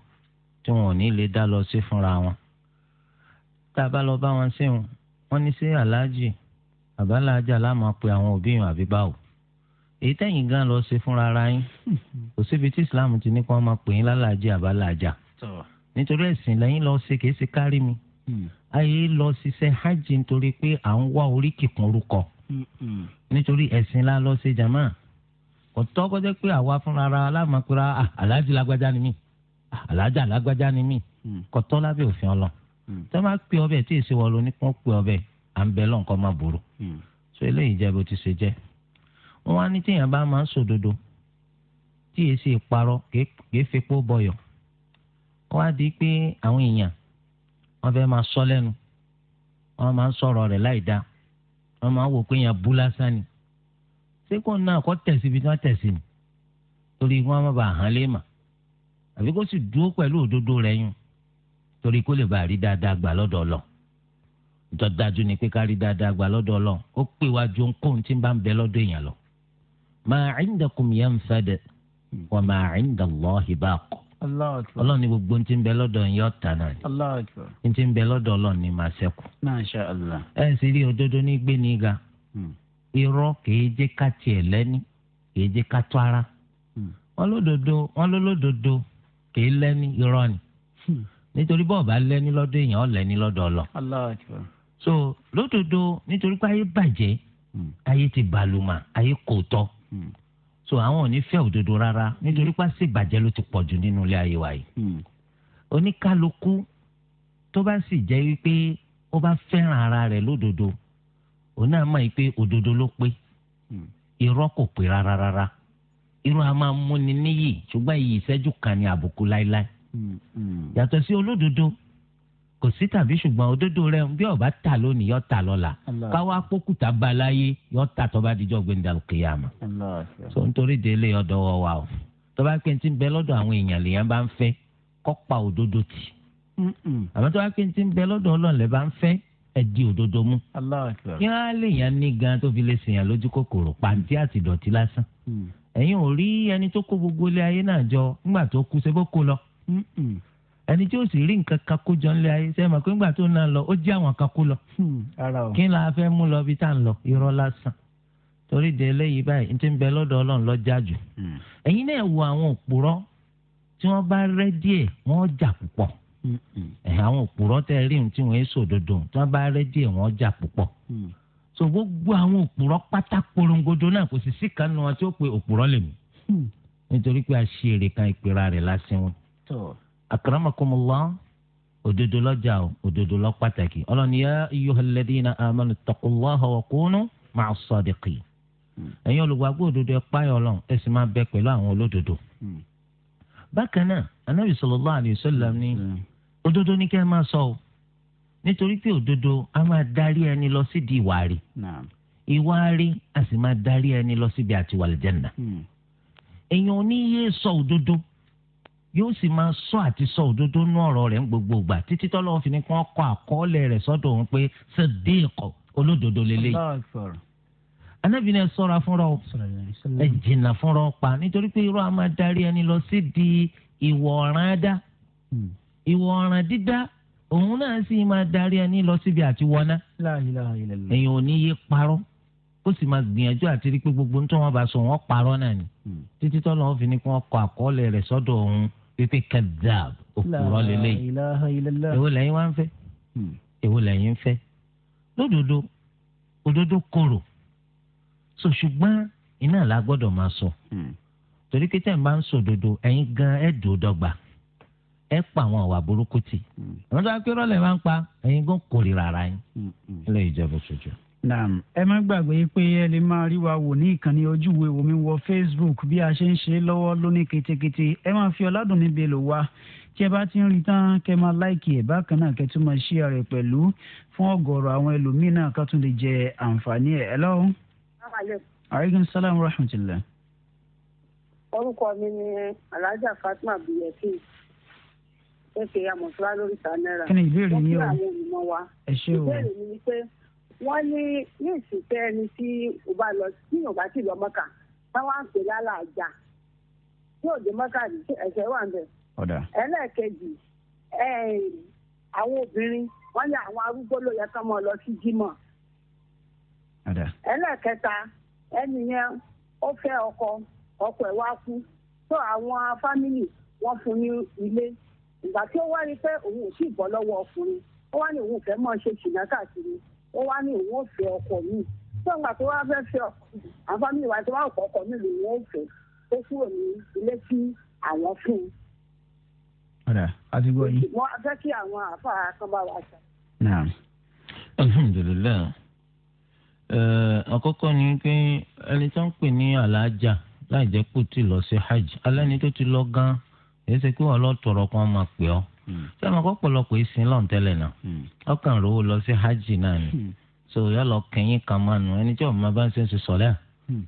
tí wọn ò ní lè dá lọ sí fúnra wọn tá a bá lọ bá wọn sí wọn ní sí aláàjì àbáláàjà láàmú pé àwọn òbí yàn àbí báwò èyí tẹ̀yìn gan lọ sí fúnra ara yín hmm. kò síbi tí islam ti ní kí wọ́n máa pè yín lálàájì àbáláàjà nítorí ẹ̀sìn lẹ́yìn lọ ṣe kìí ṣe kárí mi hmm. ayé lọ ṣiṣẹ́ hajj nítorí pé à ń wá orí kìkún orúkọ hmm, hmm. nítorí ẹ̀sìn la lọ ṣe jàmá kò tọ́ kọjá pé àwa fúnra ra aláàmọ̀pẹ́ra ah, aláàjì lágbájá ni mí ah, aláàjà lágbájá ni mí kò tọ́ lábẹ́ òfin ọlọ tó máa pè ọbẹ̀ tí èsì wọ̀ lóní kó pè ọbẹ̀ à ń bẹ lọ́nkọ́ máa burú so eléyìí jẹ́ bó ti ṣe jẹ́ wọn á ní tíyẹn bá máa ń sòdodo tí èsì ìparọ́ kìí fepo bọyọ̀ wá di pé àwọn èèyàn wọ́n fẹ́ máa sọ lẹ́nu wọ́n máa ń sọ̀rọ̀ rẹ̀ láì dáa wọ́n máa ń wò pé èèyàn bú lásán ni ṣé kò náà kọ́ tẹ̀sí ibi tí wọ́n tẹ̀sí ni torí wọ́n má bàa hàn lé àbí kó sì dúró pẹ̀lú òdodo rẹ̀ yùn torí kó lè bàa rí dáadáa gbà lọ́dọ̀ ọlọ́ ìtọ́jú ni pé ká rí dáadáa gbà lọ́dọ̀ ọlọ́ ó pè wá ohunkóhun tí ń bá ń bẹ lọ́dọ̀ èèyàn lọ. ma 'indakum yanfad wa ma 'inda Allahi baq ọlọ́run ní gbogbo ní ti ń bẹ lọ́dọ̀ yín ọ̀tá náà ní ti ń bẹ lọ́dọ̀ ọlọ́run ní máa ṣẹ́kù. ẹ sì rí òdodo ní gbé ga hmm. irọ́ kìí jẹ́ ká tiẹ̀ lẹ́ni ara hmm. wọn lódodo kìí lẹ́ni ni hmm. nítorí bọ́ọ̀ bá lẹ́ni lọ́dọ̀ èèyàn lọ́dọ̀ ọlọ. so nítorí pé ayé bàjẹ́ ayé ti bàlùmà ayé kò tọ́ so àwọn ò ní fẹ́ òdodo rárá nítorí pàṣẹ ìbàjẹ́ ló ti pọ̀ jù nínú ilé ayé wa yìí hmm. oníkálukú tó bá sì jẹ́ wípé ó bá fẹ́ràn ara rẹ̀ lódodo òun náà mọ̀ pé òdodo ló pé hmm. irọ́ kò pé rárá rárá irọ́ a máa múni níyì ṣùgbọ́n iyì ìṣẹ́jú kan ní àbùkù láéláé hmm, yàtọ̀ sí olódodo. Mm kò sí tàbí ṣùgbọ́n òdodo rẹ bí ọba ta lónìí yọ ta lọ́la káwá pókùtà balaye yọ ta tọ́ba díjọ́ gbẹ̀ndàlù kìyàmà. so nítorí délé ọ̀dọ̀ wọ wa o tọ́ba pé ti ń bẹ lọ́dọ̀ àwọn èèyàn lèèyàn bá ń fẹ́ kọ́ pa òdodo tì àmọ́ tọ́ba pé ti ń bẹ lọ́dọ̀ ọlọ́ọ̀lẹ́ bá ń fẹ́ ẹ di òdodo mú. kí á lèèyàn ní gan tó fi lè sèèyàn lójú kòkòrò pàǹtí àti ìdọ̀tí lásán mm. ẹ̀yin ò rí ẹni tó kó gbogbo ilé ayé náà jọ nígbà tó kú ṣe kó lọ. ẹni tí ó sì rí nǹkan kan kójọ ńlẹ ayé sẹ ma pé ńgbà tó náà lọ ó jẹ àwọn kan kó lọ hmm, kí la fẹ́ mú lọ bí tá à ń lọ irọ́ lásán torí de eléyìí báyìí ti ń bẹ lọdọ Ọlọ́run lọjà jù hmm. ẹ̀yin náà wo àwọn òpùrọ́ tí wọn bá rẹ díẹ̀ wọ́n jà púpọ̀ hmm, àwọn tẹ rí ohun tí wọ́n èso òdodo tí wọ́n bá rẹ díẹ̀ wọ́n jà so gbogbo àwọn òpùrọ́ pátá korongodo náà kò sì sí kanu wọn tí pe nítorí pé kan ìpera أكرمكم الله lọ́jà o òdodo lọ́ pàtàkì يا أيها الذين آمنوا ittaqullaha الله وكونوا مع الصادقين ẹ̀yin olùgbàgbọ́ òdodo ẹ páyọ̀ ọlọ́run ẹ sì máa bẹ pẹ̀lú àwọn olódodo. bákan náà anábì sallallahu alayhi wasallam ní òdodo ní kẹ́ ẹ máa sọ o nítorí pé òdodo a máa darí ẹni lọ sídìí ìwà rí a sì máa darí ẹni lọ síbi àtiwàlẹ̀ jẹ́nà. Hmm. èèyàn ò ní yé sọ òdodo yóò sì máa sọ àti sọ òdodo nú ọ̀rọ̀ rẹ̀ ń gbogbo ìgbà títí tọ́lọ́ fi ni kí wọ́n kọ àkọọ́lẹ̀ rẹ̀ sọ́dọ̀ òun pé sadiq olódodo lélẹ́yìí. Ànábì ni ẹ ṣọ́ra fúnra o ẹ jìnnà fúnra o pa nítorí pé irọ́ a máa ẹni lọ sí di ìwọ̀ ọ̀ràn dá hmm. ìwọ̀ ọ̀ràn dídá òun náà sì máa darí ẹni lọ síbi àti wọná èèyàn ò ní yé parọ́ ó sì máa gbìyànjú àti rí pé gbogbo ń tó wọn bá sọ wọn parọ́ náà ni hmm. títí tọ́lọ́ wọn fi ni kí wọ́n kọ àkọọ́lẹ̀ rẹ̀ sọ́dọ̀ òun pípé kadab òkúrọ lélẹyìí èwo lẹ́yìn wá ń fẹ́ hmm. èwo lẹ́yìn ń fẹ́ lódodo òdodo korò so ṣùgbọ́n iná la gbọ́dọ̀ máa sọ hmm. torí pé tẹ̀ ń bá ń sọ òdodo ẹ̀yin gan ẹ̀ dò dọ́gba ẹ pa àwọn àwà burúkú tì hmm. àwọn tó bá pé rọlẹ̀ máa ń pa ẹ̀yin gan kórìíra ara yín lẹ́yìn ìjọba ṣojú naam ẹ má gbàgbé pé ẹ lè máa rí wa wò ní ìkànnì ojúwe omi wọ facebook bí a ṣe ń ṣe lọ́wọ́ lónìí ketekete ẹ máa fi ọ̀làdùn níbi lò wá tí ẹ bá ti ń rí tán kẹ máa láìkì ẹ bákan náà kẹ tún máa ṣí ara ẹ pẹ̀lú fún ọ̀gọ̀rọ̀ àwọn ẹlòmíín náà ká tún lè jẹ àǹfààní ẹ ẹ lọ́wọ́. aleykum salaam wa rahmatulah. orúkọ mi ni alhaja fatima biyesi ṣe ṣe amọ̀síwá lórí sanera. kí ni ìbéèrè yín o ẹ wọ́n ní ní ìsìnkẹ́ ẹni tí o bá lọ tí ò bá sì lọ mọ́kà táwọn àpè lálàájá tí òde mọ́kà rí ẹ̀ṣẹ̀ wà ń bẹ̀. ẹlẹ́ẹ̀kejì àwọn obìnrin wọ́n ní àwọn arúgbó ló yẹ ká mọ́ lọ sí jímọ̀. ẹlẹ́ẹ̀kẹta ẹni yẹn ó fẹ́ ọkọ ọkọ ẹ̀ wá kú tó àwọn fámìlì wọ́n fún ní ilé ìgbà tí ó wá rí pé òun ò sì bọ́ lọ́wọ́ ọkùnrin ó wá ní òun fẹ́ mọ́ ṣe ṣìnà káàkiri ó wá ní òun ò ọkọ mi sọgbà tó wá fẹ́ fẹ́ ọkọ ìwà mi ó kúrò ní ilé tí àwọn fún un. ọ̀dà a kí kan bá wà ni pé ẹni pè ní alájà láì jẹ́ lọ sí hajj alẹ́ tó ti lọ gan èyí ṣe pé wọ́n kan máa pè ọ́ sọ́mọ hmm. kọ́pọ̀lọpọ̀ ìsìn lọ́n tẹ́lẹ̀ náà hmm. ọkàn rówó lọ sí hajj náà ni hmm. so yọ lọ kẹyìn kan mánu ẹni tí ọmọ bá ń sẹ́ ń sọ sọ́lẹ́ à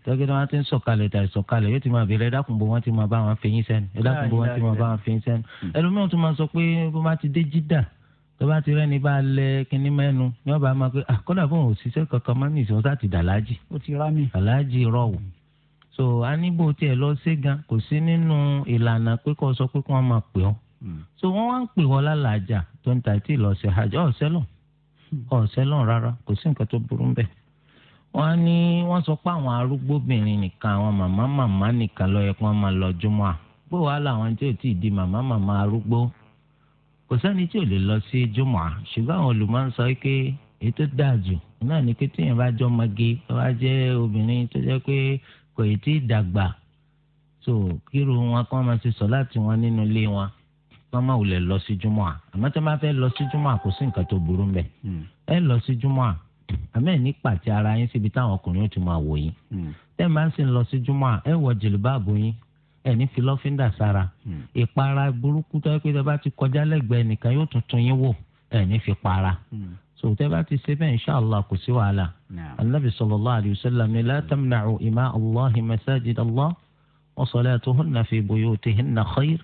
tọ́kítà wọn ti ń sọ̀kalẹ̀ tàbí sọ̀kalẹ̀ yóò ti máa bèrè ẹ̀dákùnbó wọn ti máa bá wọn fẹ̀yìn sẹ́nu ẹ̀dákùnbó wọn ti máa bá wọn fẹ̀yìn sẹ́nu ẹlòmíràn tún máa sọ pé bó bá ti dé jídà tó bá ti rẹ́ni bá lẹ kínní mẹ́nu ni wọ́n bá máa pé àkọ́dà ah, fún òun òṣìṣẹ́ kankan máa ń nìṣẹ́ wọn sá ti dàlájì dàlájì rọ̀wù so aníbò tiẹ̀ lọ sí gan kò sí nínú ìlànà pé kò sọ pé kí wọ́n máa pè ọ́ so wọ́n wá ń pè wọ́n lálàájà tó ń ta ẹtí lọ sí hajj ọ̀sẹ́ lọ ọ̀sẹ́ lọ rárá kò sí nǹkan tó burú bẹ́ẹ̀ wọ́n ní wọ́n sọ pé àwọn arúgbóbìnrin nìkan àwọn màmá màmá nìkan ló yẹ kí wọ́n à pé wàhálà àwọn tí ò tí ì di màmá màmá arúgbó kò sẹ́ni tí ò lè lọ sí jùmọ̀ à ṣùgbọ́n àwọn olùmọ̀ ń sọ pé ètò dáa jù náà ni pé tíyẹn bá jọ magi wá jẹ́ obìnrin tó jẹ́ pé kò ì tí ì dàgbà so kírun wọn kọ́ máa ṣe sọ láti wọn nínú ilé wọn kán máa wulẹ̀ lọ sí júmọ́ à àmọ́ tó máa fẹ́ lọ sí júmọ́ à kò sí nǹkan tó burú mbẹ̀ hmm. ẹ lọ sí júmọ́ à àmọ́ ẹ̀ ní pàtí ara yín síbi táwọn ọkùnrin ó ti máa wò yín hmm. tẹ́ ẹ máa ń sìn lọ sí júmọ́ à ẹ wọ jìlúbáàbù yín ẹ ní filọ́fíńdà sára hmm. ìpara burúkú tó yẹ pé tẹ́ bá ti kọjá lẹ́gbẹ̀ẹ́ nìkan yóò tuntun yín wò ẹ ní fi para so tẹ́ bá ti ṣe bẹ́ẹ̀ inṣàlá kò sí wàhálà anabi sallallahu alayhi wa sallam ni la tamna'u ima allahi masajid allah wa salatuhunna fi buyutihinna khair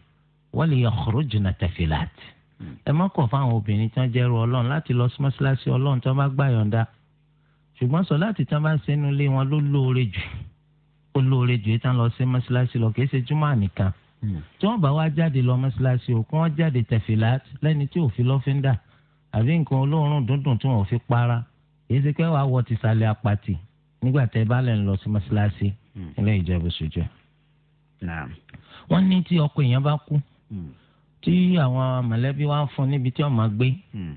wọ́n lè yakhrujna tafilat hmm. ẹ má kọ̀ fáwọn obìnrin tí wọ́n jẹ́rú ọlọ́run láti lọ sí mọ́ṣáláṣí ọlọ́run tí wọ́n bá gbà yọ̀ǹda ṣùgbọ́n sọ láti tí wọ́n bá ń sẹ́nu lé wọn ló lóore jù ó lóore jù tí wọ́n lọ sí mọ́ṣáláṣí lọ kìí ṣe júmọ́ nìkan hmm. tí wọ́n bá wá jáde lọ mọ́ṣáláṣí o kí wọ́n jáde tafilat lẹ́ni tí òfin lọ́fíńdà àbí nǹkan olóòórùn dúndùn tí wọ́n fi para kìí ṣe pé wàá wọ tìsàlẹ̀ apàtì nígbà tẹ́ bá lẹ́ lọ sí mọ́ṣáláṣí ilé ìjọba ìṣòjọ́. wọ́n ní tí ọkọ èèyàn bá kú Hmm. tí àwọn mọ̀lẹ́bí wa ń fún níbi tí ọmọ gbé hmm.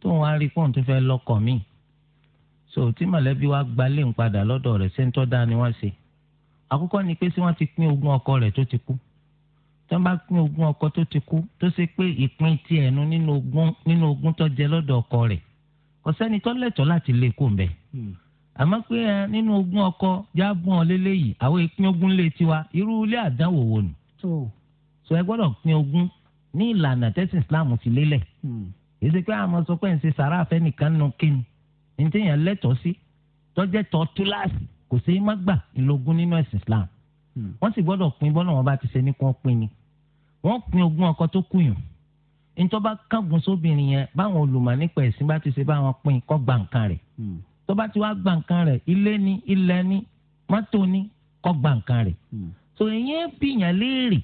tó ń wá rí fóun tó fẹ́ lọ́kọ̀ mi so tí mọ̀lẹ́bí wa gba lé ń padà lọ́dọ̀ rẹ̀ ṣé ń tọ́ da ni wọ́n ṣe àkọ́kọ́ ni pé ṣé wọ́n ti pín ogún ọkọ rẹ̀ tó ti kú tí wọ́n bá pín ogún ọkọ tó ti kú tó ṣe pé ìpín tiẹ̀ nu nínú ogún nínú ogún tó jẹ lọ́dọ̀ ọkọ rẹ̀ kò sẹ́ni tó lẹ́tọ̀ọ́ láti lé e kó mbẹ́ hmm. àmọ́ pé nínú ogún ọkọ jábọ̀n lélẹ́yìí àwọn ìpín ogún lé tiwa irú ilé àdánwò wo ni so ẹ gbọ́dọ̀ pín ogún ní ìlànà tẹ́sìn islam fi lélẹ̀ èsì hmm. pé àmọ́ sọ pé ń ṣe sàrà àfẹnìkan nù kíni ní téèyàn lẹ́tọ̀ọ́ sí tọ́jẹ́ tọ́ túláàsì kò sí má gbà ìlógún nínú ẹ̀sìn islam hmm. wọ́n sì gbọ́dọ̀ pín bọ́lá wọn bá ti ṣe ní kí wọ́n pín ni wọ́n pín ogún ọkọ tó kù ntọ́ba kángun sóbìnrin yẹn báwọn olùmọ̀ nípa ẹ̀sìn bá ti ṣe báwọn pín kọ́ gba nǹkan rẹ̀ hmm. tọ́ba ti wá gba nǹkan rẹ̀ ilé ni ilẹ̀ ni mọ́tò ni kọ́ gba nǹkan rẹ̀ so ìyẹn bìyàn léèrè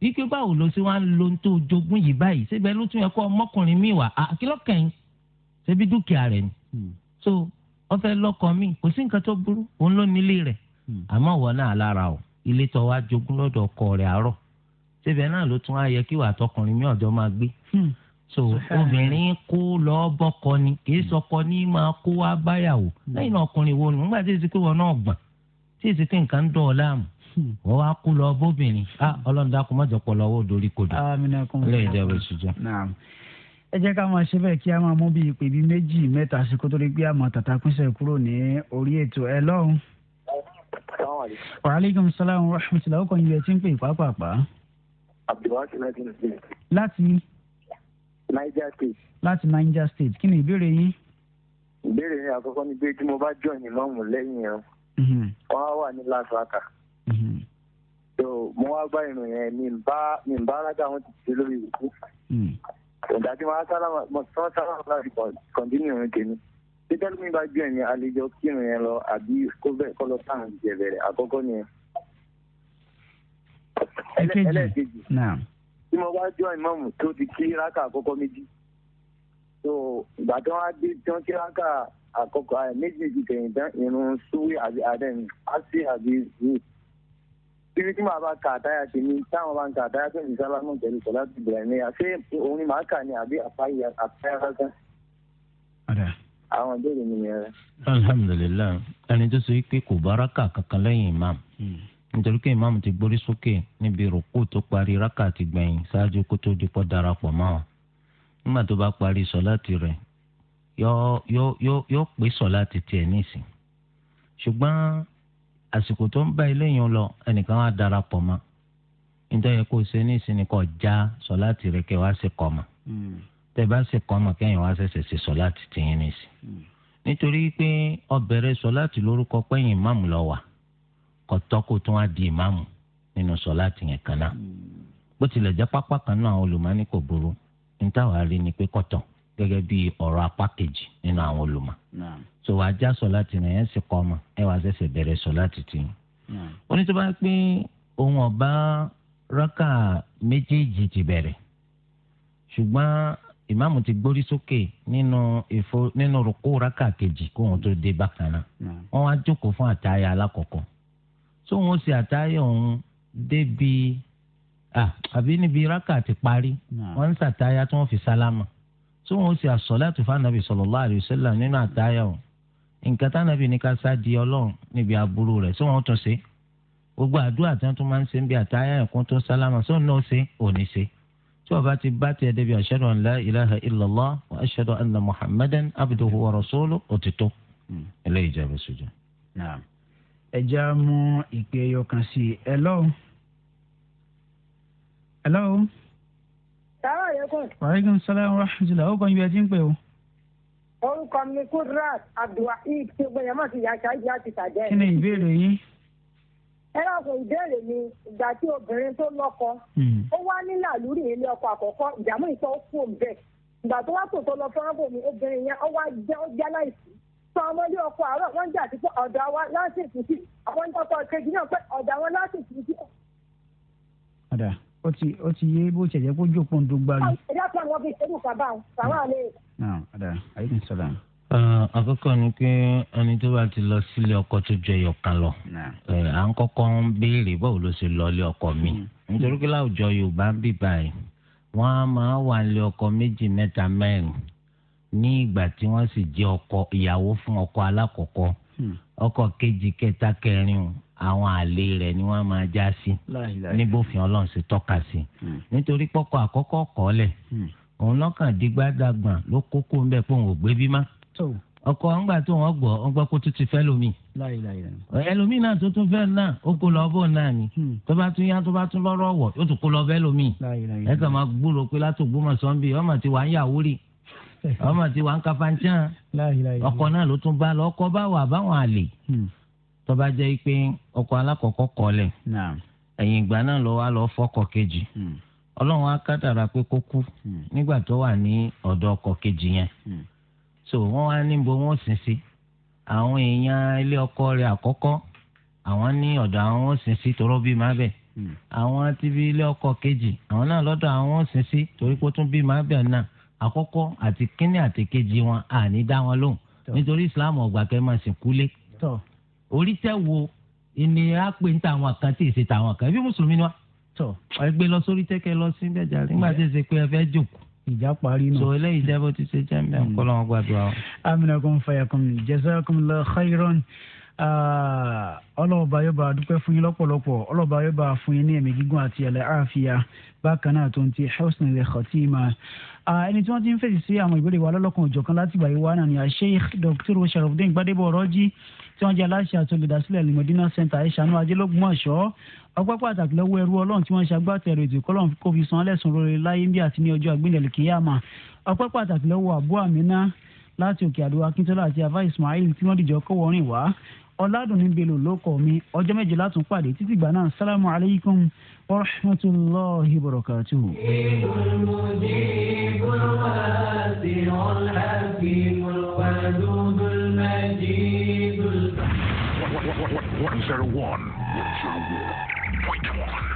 ike báwo ló ṣe wá ń lo tó jogún yìí báyìí síbẹ̀ ló tún yẹ kó ọmọkùnrin mi wà àkìlọ́kẹ̀yìn ṣebí dúkìá rẹ̀ ni hmm. so ọfẹ lọ́kọ mi kò sí nǹkan tó burú òun ló nílé rẹ̀ hmm. àmọ́ ìwọ náà lára o ilé tó wá jogún lọ́dọ̀ ọkọ rẹ̀ àárọ̀ síbẹ̀ náà ló tún á kí wàá tọkùnrin mi ọ̀dọ́ máa gbé hmm. so obìnrin kó lọ bọ́kọ ni kì í sọkọ ní máa kó wá báyàwó lẹ́yìn ọkùnrin wo nù nígbà tí èsì pé wọ́n wá kú lọ bóbìnrin ah ọlọ́run dákun má jọ pọ̀lọ́ owó dorí kodò lẹ́yìn ìjọba ìṣújọ. ẹ jẹ́ ká máa ṣe bẹ́ẹ̀ kí a máa mú bí ìpè bíi méjì mẹ́ta sí kó tó rí pé àmọ́ tàtà pínṣẹ̀ kúrò ní orí ètò ẹ lọ́hùn. wàhálàíkùn sálámù rahmatulah ọkọ̀ yìí ẹ ti ń pè pápápá. láti niger state. láti niger state kí ni ìbéèrè yín. ìbéèrè yín àkọ́kọ́ ni pé tí mo bá jọ̀yìn lọ́mù lẹ́yìn ẹ̀ mhm. wọ́n á wà ní lásàkà mo wá gbá irun yẹn mi ń bá rájà wọn ti ṣe lórí ìwòkú ìgbà hmm. tí wọn sálámà wọn sálámà láti kọ̀ǹtínú irun tèmi títẹ́ lómi bá gbé ẹ̀yìn àlejò kírun yẹn lọ àbí kó bẹ́ẹ̀ kọ́ lọ sáàrùn jẹ bẹ̀rẹ̀ àkọ́kọ́ nìyẹn. ẹlẹ́ẹ̀kejì tí mo wá jọ ìmọ̀mù tó ti kí rákà àkọ́kọ́ méjì so ìgbà tí wọ́n á dé tí wọ́n kí rákà àkọ́kọ́ méjì ti tẹ̀yìn tán irun súwé àbí adẹ́nu kíríkì máa bá kà táyà sí mi ọkụkọ bá ń kà táyà tó ń ọkụkọ pẹ̀lú ti bẹ̀rẹ̀ ní àṣé ọkụkọ ni màá kà kankan. àwọn ìbéèrè mi alhamdulilayi ẹni tó pé kò imam nítorí pé imam ti gbórí sókè níbi tó parí ti gbẹ̀yìn ṣáájú kó tó àsìkò tó ń bá eléyìí lọ ẹnìkan á darapọ̀ mọ́ nítorí yẹ kó o ṣe ní ìsinmi kọ já sọláàtì rẹ kẹ wá sí kọmọ hmm. tẹ bá sì kọmọ kẹyìn wá ṣẹ̀ṣẹ̀ sí sọláàtì tìyín nìsín hmm. nítorí pé ó bẹ̀rẹ̀ sọláàtì lórúkọ pẹyìn ìmáàmù lọ wà kò tọ́ kó tún á di ìmáàmù nínú sọláàtì yẹn kan náà hmm. bó tilẹ̀ jẹ́ pápá kan náà olùmọ́ni kò burú ní rí ni pé kọ̀tàn gẹ́gẹ́ bí ọ̀rọ̀ apá kejì nínú àwọn olùmọ̀. so wàá já sọ láti rìn ẹ̀ sì kọ́ ọmọ ẹ wàá ṣẹ̀ṣẹ̀ bẹ̀rẹ̀ sọ láti tì í. oní tó bá pín ohun ọ̀bá rákà méjèèjì ti bẹ̀rẹ̀ ṣùgbọ́n ìmáàmù ti gbórí sókè nínú ìfo nínú rúkú rákà kejì kó wọn tó dé bákan náà wọn wá jókòó fún àtàyà alákọ̀ọ́kọ́ tó wọn sì àtàyà ọ̀hún débi àbí níbi rákà ti parí wọn ń ṣàtàyà tí wọn fi sálámà tí wọn ó ṣe àsọlátù fànàbì sallallahu alaihi wasallam nínú àtàyà o nǹkan tánàbì ní ká sá di Ọlọ́run níbi aburú rẹ̀ tí wọn ó tún ṣe gbogbo àdúrà tí wọn tún máa ń ṣe ń bí àtàyà ẹkún tó sálámà sóun náà ṣe òní ṣe tí wọn bá ti bá tiẹ̀ débi ashhadu an la ilaha illallah wa ashhadu anna muhammadan abduhu wa rasuluhu òtítọ́ hmm. eléyìí jẹ́ ẹ já mú ìpè ẹyọ kan sí wàhálà sàlámù rahmatulah ó kàn yín bí ẹ ti ń pè o. orúkọ mi kudrat abdulwaheed tí gbẹ̀yẹ̀ ni ìbéèrè yín. ẹ lọ sọ ìbéèrè mi ìgbà tí obìnrin tó ó wá ilé ọkọ ìdààmú ìtọ́ fò bẹ́ẹ̀ ìgbà tó wá tó lọ mí obìnrin yẹn ó wá jẹ́ ó jẹ́ láìsí sọ ọkọ àárọ̀ wọ́n jà sí pé ọ̀dọ̀ wa láti ìtúsí àwọn náà pé ọ̀dọ̀ àwọn láti ó ti ó ti yé bó ṣe jẹ́ kó jókòó ń dógbá rí. àkọ́kọ́ ni pé ẹni tó ti lọ sílé ọkọ tó jẹ lọ à ń kọ́kọ́ ń béèrè báwo ló ṣe lọ ọkọ mi mm. nítorí pé láwùjọ Yorùbá ń bì báyìí wọ́n á ọkọ méjì mẹ́ta mẹ́rin ní ìgbà tí wọ́n sì jẹ́ ọkọ ìyàwó fún ọkọ alákọ̀ọ́kọ́ hmm. ọkọ kejì kẹta kẹrin àwọn àlè rẹ̀ ni wọ́n máa já sí níbòfin ọlọ́run sì tọ́ka sí hmm. nítorí pọ́kọ́ àkọ́kọ́ kọ́lẹ̀ hmm. òun lọ́kàn dígbàdàgbà ló kókó ńbẹ pé òun ò gbé bí má ọkọ ńgbà tó wọn gbọ́ wọn gbọ́ kó tún ti fẹ́ lómi ẹlòmí náà tó tún fẹ́ náà ó kó lọ bó náà ni hmm. tó bá tún yá tó bá tún lọ́rọ̀ wọ̀ yóò tún kó lọ bẹ́ẹ̀ lómi ẹ kàn máa gbúrò pé látògbó mọ̀ sọ́ńbì ọmọ ti wà ń yàwó rì <laughs> ọmọ ti wà ń kafanchan ọkọ náà ló tún bá lọ ọkọ bá wà àlè tó bá jẹ́ pé ọkọ alakọkọ kọlẹ ẹ̀yìn ìgbà náà ló wá lọ fọ́kọ kejì hmm. ọlọ́run á kádàrá pé kó kú hmm. nígbà tó wà ní ọ̀dọ̀ ọkọ kejì yẹn hmm. so wọn wá níbo wọn sin sí àwọn èèyàn ilé ọkọ rẹ̀ àkọ́kọ́ àwọn ní ọdọ àwọn wọ́n sin sí torọ́ bí má bẹ̀ àwọn ti bí ilé ọkọ kejì àwọn náà lọdọ àwọn wọ́n sin sí torí kó tún bí má bẹ̀ náà àkọ́kọ́ àti kínní àti kejì wọn àní dá wọn lóhùn nítorí Islam ọ̀gbà kẹ́ máa sìn kúlé oríṣẹ́ wo ni a pè ń tàwọn kan tí èsì tàwọn kan ibi mùsùlùmí ni wa. tọ ẹ gbé lọ sórí tẹkẹ lọ sí bẹjà nígbà tí èsì pé ẹ fẹ́ jòkó. ìjà parí nù. sọ eléyìí jẹ́ bó ti ṣe jẹ́ mẹ́rin kọ́ lọ́wọ́ gbàdúrà. amina kun fayakun jazakumullahu khairan. Ah, ọlọ́ọ̀bá yóò bá a dúpẹ́ fún yín lọ́pọ̀lọpọ̀ ọlọ́ọ̀bá yóò bá a fún yín ní ẹ̀mí gígùn àti ẹ̀lẹ́ àáfíà bákan náà tó ń ti husnul khatima. ẹni tí wọ́n ti ń fèsì sí àwọn ìbéèrè wa lọ́lọ́kan òjọ̀kan láti gbà yí wá náà ni Dr. Sharafdin Gbadebo Ọ̀rọ̀jì tí wọ́n jẹ́ aláṣẹ àti olùdásílẹ̀ Al-Madina Center ìṣànú ajẹ́lógúnmọ̀ṣọ́ ọpẹ́ pàtàkì lọ́wọ́ ẹrú ọlọ́run tí wọ́n ṣe agbátẹrù ètò ìkọlọ́run kó fi san lẹ́sùn rere láyé bí àti ní ọjọ́ àgbéǹdẹ̀lẹ̀ kìyàmà ọpẹ́ pàtàkì lọ́wọ́ àbú àmínà láti òkè àdó akíntola àti afa Ismail tí wọ́n dìjọ kọ́wọ́rìn wá ọ̀làdùnní belò lóko mi ọjọ́ méje látún pàdé títí gbà náà sálámù aleykum wa rahmatulahi barakatuhu. One zero one. One zero one. Point one.